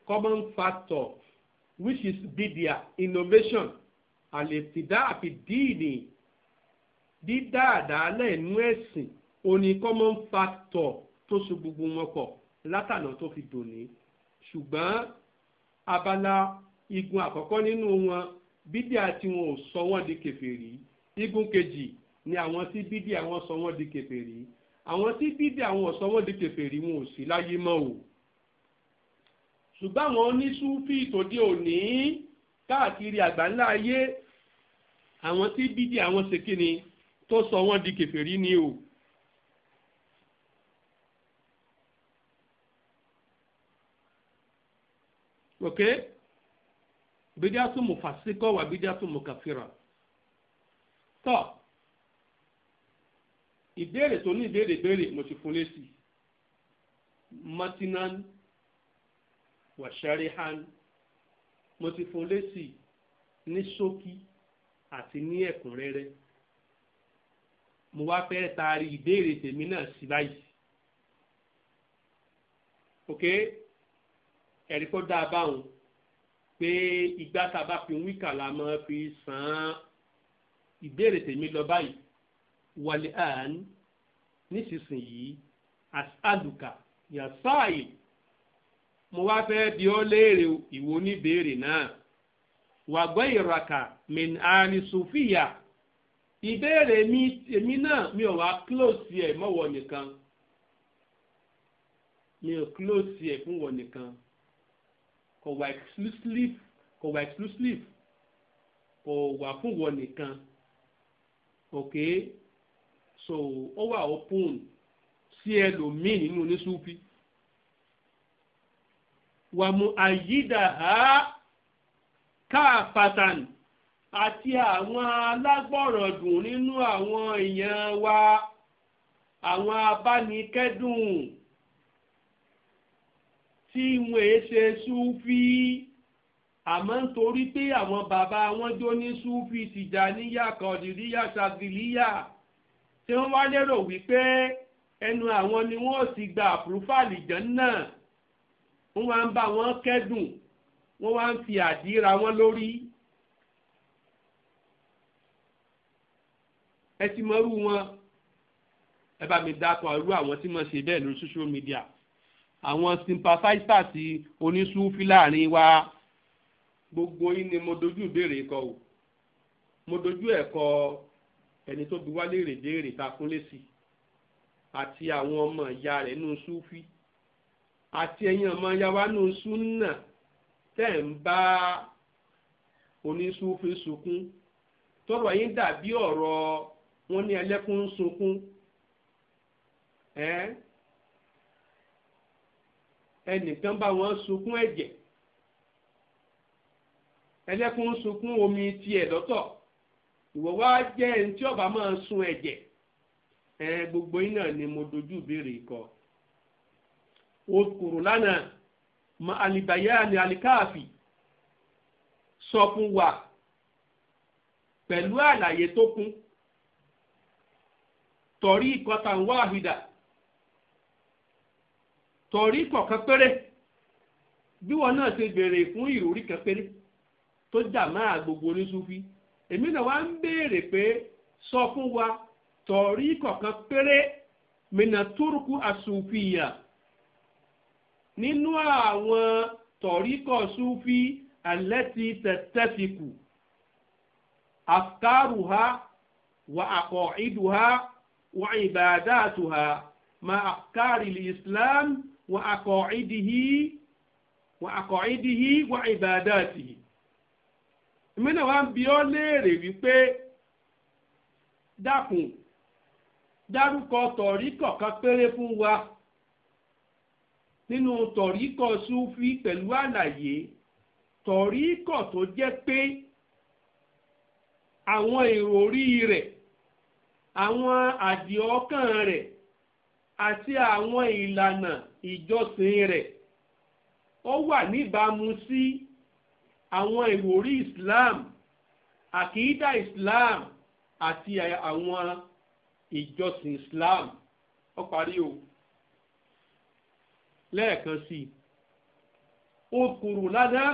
common factor which is bidia innovation àlètìdá àfi díìnì dídáàdáálẹ̀ inú ẹ̀sìn òní common factor tó so gbogbo wọn pọ̀ látànà tó fi dòní ṣùgbọ́n abala igun àkọ́kọ́ nínú wọn bídíà tí wọn ò sọ wọ́n di kèfèrí igun kejì ni àwọn tí bídí àwọn sọ wọ́n di kèfèrí àwọn tí bídí àwọn sọ wọ́n di kèfèrí wọn ò sí láyé mọ́ o ṣùgbọ́n àwọn oníṣúfì tòde òní káàkiri àgbáńlá ayé àwọn tí bídí àwọn ṣe tó sọ wọ́n di kèfèrí ni o. ok bidiatu mufasikọ wa bidiatu mukafira tọ ìbéèrè tó ní ìbéèrè béèrè mo ti fún lésì martinan washarihan mo ti fún lésì ní ṣókí àti ní ẹ̀kúnrẹ́rẹ́ mo wá fẹ́ taari ìbéèrè tèmi náà sí báyìí ok ẹ̀rí kó dáa báwọn pé ìgbà tá a bá fi wíkà la máa fi sàn án ìbéèrè tèmi lọ báyìí wàlíàn nísinsìnyí as'aluka ya sa'il mo wá fẹ́ bi ọ́ léèrè ìwọ oníbèrè náà wà gbọ́ ìràkà min ali sofiya ìbéèrè mi náà mi ò wá close ẹ̀ mọ́wọ́ nìkan mi ò close ẹ̀ fún wọn nìkan kò wà exclusive kò wà exclusive kò wà fún wọn nìkan okay so ó wà open sí ẹlòmíì nínú oníṣúfì wà mú àyídà á káàpátán àti àwọn alágbọ̀rọ̀dùn nínú àwọn èèyàn wa àwọn abánikẹ́dùn tí wọn èé e ṣe súfì àmọ́ nítorí pé àwọn bàbá wọn jó ní súfì tìjàníyà kọ̀dìríyà ṣàgìlíyà tí wọ́n wá lérò wípé ẹnu àwọn ni wọ́n sì gba àpòrúfà àlìjàn náà wọ́n wá ń bá wọn kẹ́dùn wọ́n wá ń fi àdíra wọn lórí. ẹ ti mọ irú wọn ẹ bá mi dákọ irú àwọn tí mo ṣe bẹ́ẹ̀ lórí social media àwọn sympathizers oníṣúfì láàrin wa gbogbo yín ni mo dojú ìbéèrè kọ o mo dojú ẹ̀ kọ ọ ẹni tó bi wá léèrè déèrè ta fún lésì àti àwọn ọmọ ìyá rẹ̀ nù súfì àti ẹ̀yin ọmọ ìyá wa nù súnà tẹ̀ ń bá onísúfì sunkún tọ́rọ̀ yín dàbí ọ̀rọ̀ wọn ní ẹlẹ́kùn ń sunkún ẹnìkan bá wọn sunkún ẹ̀jẹ̀ ẹlẹ́kùn sunkún omi tiẹ̀ lọ́tọ̀. ìwọ wá jẹ́ ẹni tí ọba máa sun ẹ̀jẹ̀ ẹ gbogbo yín náà ni mo dojú ìbéèrè kọ. o kúrò lánàá ma àlìbáyá ni alikaafi sọ fún wa pẹ̀lú àlàyé tó kún torí ìkọta ń wá torí kọ̀ọ̀kan péré bí wọn náà gbogbo èmi náà wá ń béèrè pé sọ fún wa tọ̀rí kọ̀ọ̀kan péré mina túrùkù àsùnfìyà nínú àwọn tọ̀rí kọ̀ súnfì àlẹ́tì tẹ̀tẹ̀fìkù ha wa aqaiduha wa ma afkari l'islam wa wa èmi náà wá ń bi ọ́ léèrè wípé dákun dárúkọ tọ̀ríkọ̀ kan péré fún wa nínú tọ̀ríkọ̀ súfì pẹ̀lú àlàyé tọ̀ríkọ̀ tó jẹ́ pé àwọn ìròrí rẹ̀ àwọn àdìọ́kàn rẹ̀ àti àwọn ìlànà ìjọsìn rẹ̀ ó wà níbàámu sí. Si àwọn ìwòrí Islam àkìídà Islam àti àwọn ìjọsìn Islam ó parí o lẹ́ẹ̀kan sí i okùrù ládá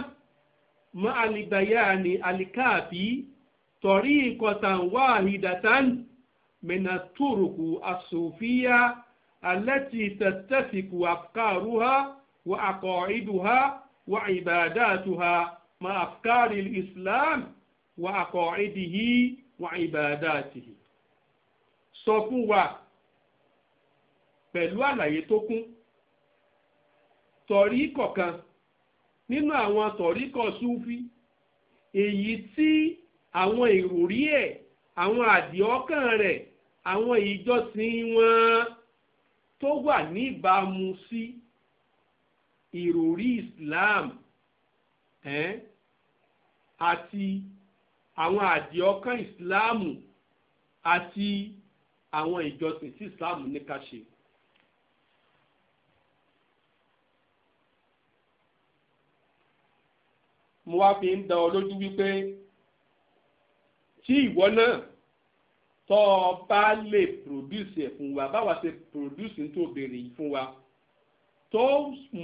mọ́ àlìgbàyà ní àlìkáàbí torí ìkọ̀tàn wáhìdàtàn mẹ́nàtúrùkù àsòfíà alẹ́tì tẹ̀tẹ̀sìkù àfikàrúhá wà àkọ̀ọ́ìdùhá wà ìbàdàtùhá. مع أفكار الإسلام وعقائده وعباداته sọ fún wa pẹ̀lú àlàyé tó kún tọ̀rí kọ̀kan nínú àwọn tọ̀rí kọ̀ súfí èyí tí àwọn ìròrí ẹ̀ àwọn àdìọ́kàn rẹ̀ àwọn ìjọsìn wọn tó wà níbàámu sí ìròrí Islam ẹ́n àti àwọn àdìọ́kàn ìsìláàmù àti àwọn ìjọsìn tí ìsìláàmù ní ká ṣe. mo wá fi ń dá ọ lójú wípé tí ìwọ náà tọ́ ọ bá lè pòdúsì ẹ̀ fún wa báwa ṣe pòdúsì tó béèrè yìí fún wa tó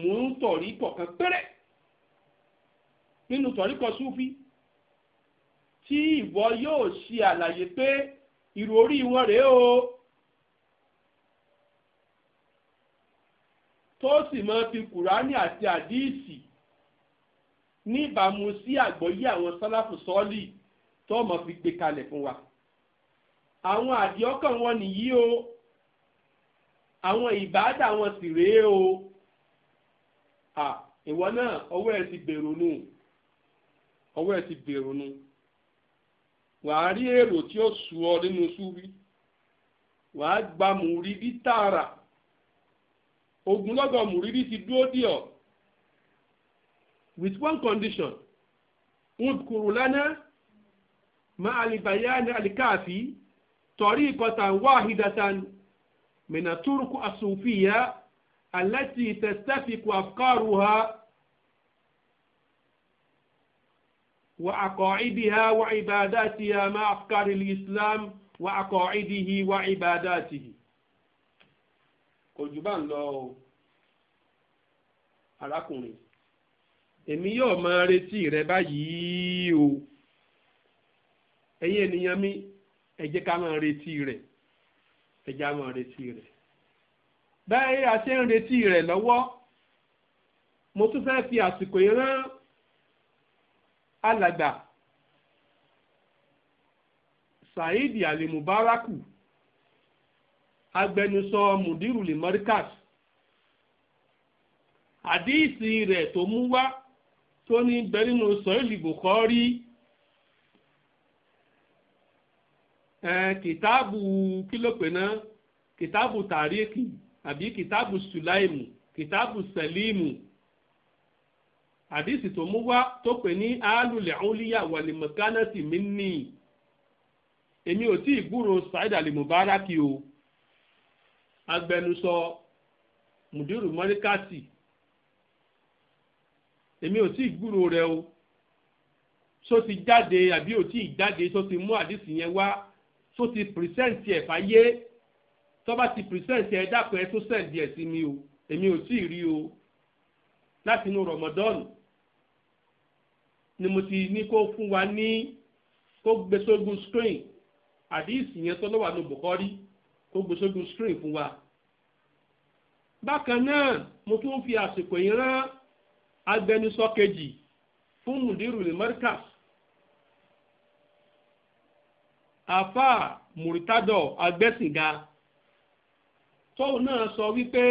mú tọ̀rí kọ̀ọ̀kan péré nínú tọ̀ríkọ súfí tí ìwọ yóò ṣe àlàyé pé ìròrí wọn rèé o tó sì máa fi kùránì àti àdíìsì níbàámu sí àgbọ́yé àwọn sálàfù sọ́ọ̀lì tó máa fi gbé kalẹ̀ fún wa àwọn àdìọ́kàn wọn nìyí o àwọn ìbáàdà wọn sì rèé o ìwọ náà ọwọ́ ẹ ti gbèrò nù. No ọwọ́ ẹ ti bèrò nu wàá rí èrò tí ó sù ọ nínú súwí wàá gba mùrírí tààrà ogunlọ́gọ̀ mùrírí ti dúró dì ọ́ with one condition udkuru lana ma alibayani alikafi torí ìkọta wahidatan mina turuku asufiya alati testafiku afkaruha. وعقائدها وعباداتها مع أفكار الإسلام وعقائده وعباداته kò jù bá èmi yóò máa retí rẹ báyìí o ẹ̀yin ènìyàn mi ẹ jẹ́ ká máa retí rẹ ẹ jẹ́ ká máa retí rẹ báyìí a ṣe ń retí rẹ mo tún fẹ́ fi àsìkò yìí rán alàgbà saheed alimubaraku agbẹnusọ mudiruli mọríkàs àdíìsì rẹ̀ tó mú wá tó ní bẹrínú sọyìlì bùkọrí ẹ kìtàbù kílòpẹ náà kìtàbù tàríkì àbí kìtàbù sùláìmù kìtàbù sẹlíìmù àdìsí tó mú wá tó pè ní alùlẹ̀ ọ̀húnlíyà wàlìmọ̀kánátì mi ní èmi ò tí ì gbúròó Saheed Ali Mubarak o agbẹnusọ mùdírù mọ́ríkàtì èmi ò tí ì gbúròó rẹ o só ti jáde àbí ò tí ì jáde só ti mú àdìsí yẹn wá só ti pìrìsẹ́ǹtì ẹ̀ fáyé tọ́ba ti pìrìsẹ́ǹtì ẹ̀ dákun ẹ̀ tó sẹ̀ǹdì ẹ̀ sí mi o èmi ò tí ì rí o láti inú rọmọdọ́ọ̀nù ni mo ti ní kó fún wa ní kó gbé sógun screen àdíìsì yẹn tó lọ́wọ́ àlọ́ bùkọ́rí kó gbé sógun screen fún wa. bákan náà mo tún fi àsìkò yìí rán agbẹnusọ kejì fún mùdírù lèmọ́ríkàs Afa mùrítádọ̀ agbẹ́sìnga tóun náà sọ wípé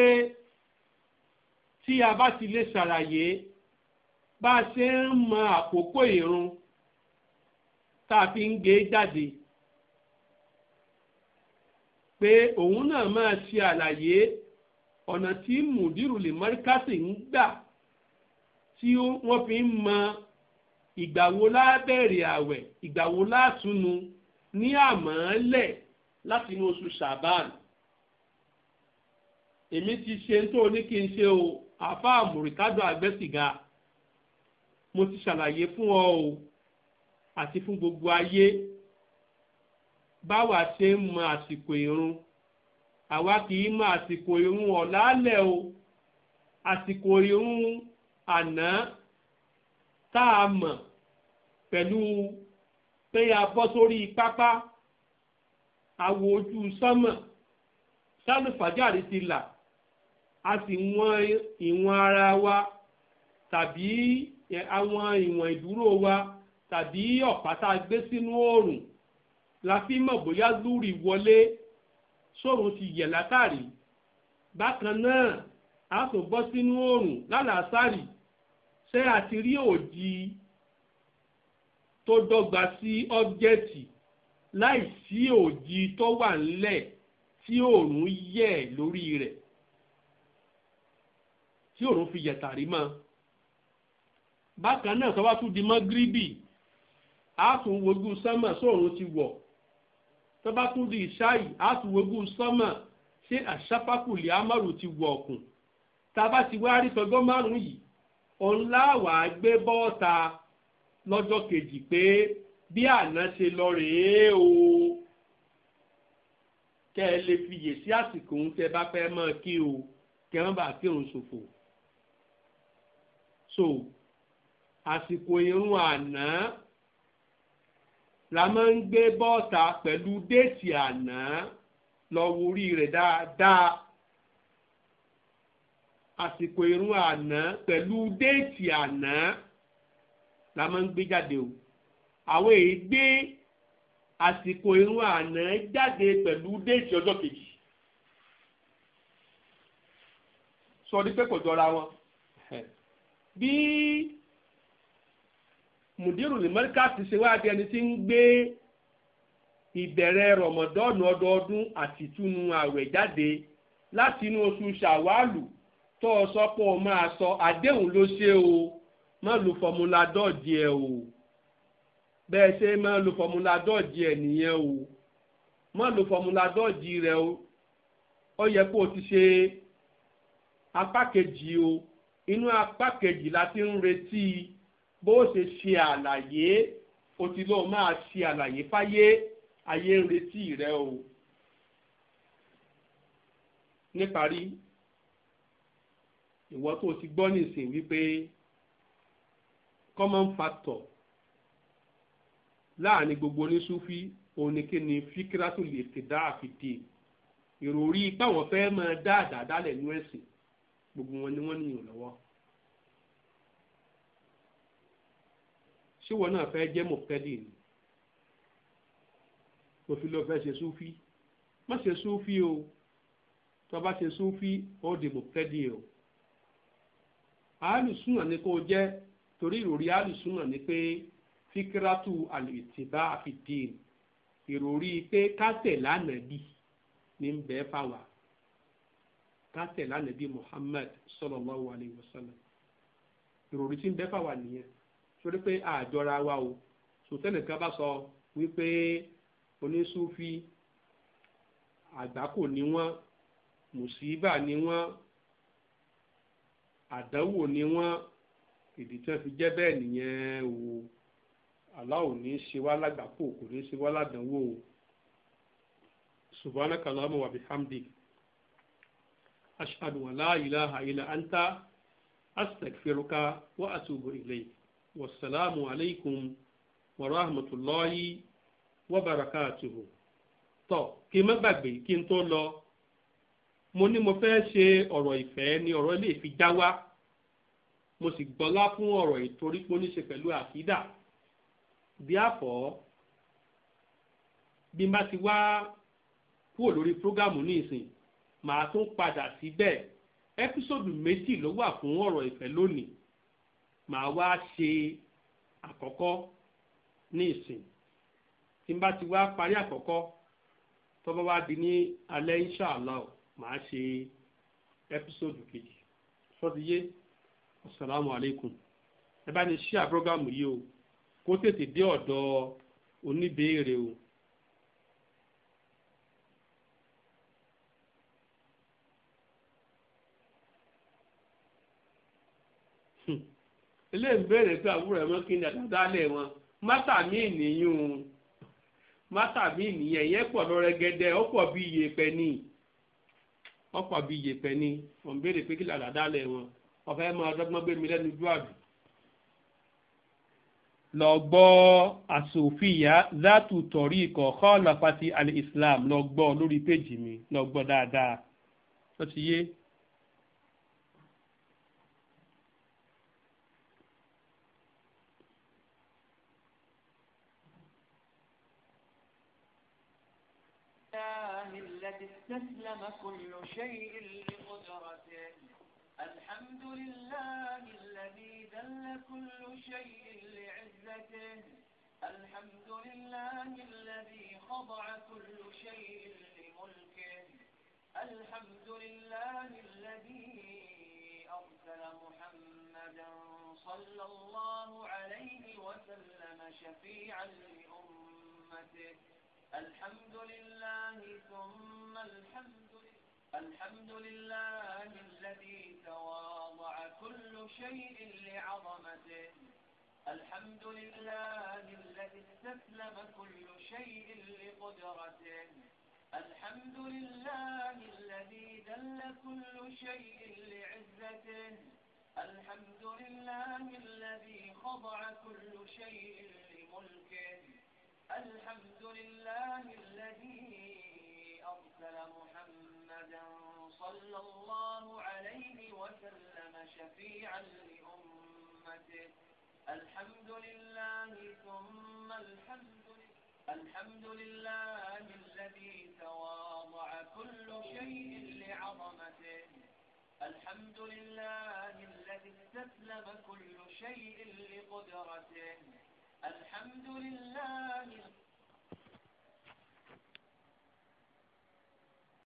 tí a bá ti lè ṣàlàyé bá a ṣe ń mọ àkókò ìrun tá a fi ń gé jáde pé òun náà máa ṣe àlàyé ọ̀nà tí mùdírù lè mọ́ríkàsì ń gbà tí wọ́n fi ń mọ ìgbàwo lábẹ̀rẹ̀ àwẹ̀ ìgbàwo látúnu ní àmọ́lẹ̀ láti inú oṣù ṣàbán èmi ti ṣe tó ní kí n ṣe o àfáà mùrìkádọ́ àgbẹ̀sìgá mo ti ṣàlàyé fún ọ o àti fún gbogbo ayé báwa ṣe ń mọ àsìkò ìrun àwa kì í mọ àsìkò ìrun ọ̀làálẹ̀ o àsìkò ìrun àná tá a mọ̀ pẹ̀lú pé a bọ́ sórí pápá àwọ̀ ojú sánmọ̀ sálùfàjáde ti là a sì wọ̀n ìwọ̀n ara wa tàbí àwọn ìwọ̀n ìdúró wa tàbí ọ̀pá tá a gbé sínú oòrùn la fi mọ̀ bóyá lúrì wọlé sóòrùn ti yẹ̀ látàrí bákan náà a tó bọ́ sínú oòrùn lálàásárì ṣé a ti rí òdì tó dọ́gba sí ọ́bjẹ́tì láì sí òdì tó wà ńlẹ̀ tí oòrùn yẹ̀ lórí rẹ̀ tí oòrùn fi yẹ̀ tàrí mọ́ ọ bákan náà sọ́wọ́ tún di mọ́gíríbì á tún wojú sánmà sóòrùn ti wọ̀ tọ́ba tún di ìṣáì á tún wojú sánmà ṣé àṣàpákùlì amárù ti wọ̀ ọ̀kùn tàbá ti wá rí sọgbọ́n márùn-ún yìí òun láwàá gbé bọ́ọ̀ta lọ́jọ́ kejì pé bí àná ṣe lọ rèé o kẹ́ ẹ lè fiyè sí àsìkò ń tẹ́ bá fẹ́ mọ́ kí o kẹ́ wọ́n bá kírun ṣòfò. so àsìkò irun àná la máa ń gbé bọ́ọ̀tà pẹ̀lú déètì àná lọ worí rẹ̀ dáadáa àsìkò irun àná pẹ̀lú déètì àná la máa ń gbé jáde o àwọn èyí gbé àsìkò irun àná jáde pẹ̀lú déètì ọjọ́ kejì sọ ni pé kò jọra wọn bí mùdírù ní mẹ́ríkàsì ṣe wáá di ẹni tí ń gbé ìbẹ̀rẹ̀ rọ̀mọ̀dọ́ọ̀nù ọdọọdún àti ìtúnu ààwẹ̀ jáde láti inú oṣù ṣàwálù tó o sọ pé o máa sọ àdéhùn ló ṣe o má lu fọmúlà dọ́ọ̀dì ẹ o bẹ́ẹ̀ ṣe má lu fọmúlà dọ́ọ̀dì ẹ nìyẹn o má lu fọmúlà dọ́ọ̀dì rẹ o ó yẹ kó o ti ṣe apá kejì o inú apá kejì la ti ń retí i bó ṣe ṣe àlàyé o ti lóun máa ṣe àlàyé fáyé ayé ń retí rẹ o. níparí ìwọ tó o ti gbọ́ nìsín wípé common factor láàrin gbogbo oníṣúfí òun ni kí ni fíkírátù lè fi dá àfìdí ìròrí ipá wọn fẹ́ máa dá àdá dálẹ̀ nú ẹ̀sìn gbogbo wọn ni wọ́n níyàn lọ́wọ́. ṣé wọn náà fẹ́ jẹ́ mọ̀tẹ́dì ni kò fi lọ fẹ́ ṣe súfí má ṣe súfí o tó bá ṣe súfí ó di mọ̀tẹ́dì o alùsùnà ni kò jẹ́ torí ìròrí alùsùnà ni pé fíkírátù àlùtìbá àfìdín ìròrí pé kátẹ̀ lánàá bí ní bẹ́ẹ̀ fáwà kátẹ̀ lánàá bí Muhammad sallallahu alayhi wa ìròrí tí ń bẹ́ẹ̀ fáwà nìyẹn. torí pé àjọra wa o sòtẹ́nìkan bá sọ wípé onísúfí àgbákò ni wọ́n mùsíbà ni wọ́n àdánwò ni wọ́n ìdí tí wọ́n fi jẹ́ bẹ́ẹ̀ nìyẹn o aláwo ní í ṣe wá kò ní ṣe wá ládánwò o subhanaka allahumma wa bihamdik ashhadu an la ilaha illa anta astaghfiruka wa atubu ilayk. wasalaamu aleykum wa rahmatulahi wa barakatuhu. tọ́ kí n má gbàgbé kí n tó lọ mo ní mo fẹ́ ṣe ọ̀rọ̀ ìfẹ́ ní ọ̀rọ̀ ilé ìfi já wá mo sì gbọ́lá fún ọ̀rọ̀ ìtorí pé ó ní ṣe pẹ̀lú àkídà díàfọ́ bí n bá ti wá kúrò lórí prógámù ní màá tún padà síbẹ̀ ẹ́písòdù méjì ló wà fún ọ̀rọ̀ ìfẹ́ lónìí màá wá ṣe àkọ́kọ́ ní ìsìn tí n bá ti wá parí àkọ́kọ́ tó bá wá di ní alẹ́ inṣàlá màá ṣe ẹ́písòdù kejì sọ́díyé asalaamu aleykum ẹ bá ní ṣí àbúrógámù yìí o kó tètè dé ọ̀dọ̀ oníbèérè o. ilé ń béèrè pé àbúrò ẹ̀ mọ́ kí ni àdàdà lẹ̀ wọn mátà mí nìyún mátà mí nìyẹn ìyẹn pọ̀ lọ rẹ́gẹ́dẹ́ ó bí iyèpẹ̀ ni ó pọ̀ bí iyèpẹ̀ ni wọ́n béèrè pé kí ni àdàdà lẹ̀ wọn ọ̀fẹ́ máa dọ́gbọ́n gbé mi lẹ́nu ojú àbí. lọ gbọ́ àsòfìyà zátù tọ̀rí ikọ̀ kọ́ lọ́pàá ti alẹ́ Islam lọ gbọ́ lórí péjì mi lọ gbọ́ dáadáa ó ti yé. استسلم كل شيء لقدرته الحمد لله الذي دل كل شيء لعزته الحمد لله الذي خضع كل شيء لملكه الحمد لله الذي أرسل محمدا صلى الله عليه وسلم شفيعا لأمته الحمد لله ثم الحمد الحمد لله الذي تواضع كل شيء لعظمته الحمد لله الذي استسلم كل شيء لقدرته الحمد لله الذي دل كل شيء لعزته الحمد لله الذي خضع كل شيء لملكه الحمد لله الذي أرسل محمدا صلى الله عليه وسلم شفيعا لأمته الحمد لله ثم الحمد لله الحمد لله الذي تواضع كل شيء لعظمته الحمد لله الذي استسلم كل شيء لقدرته الحمد لله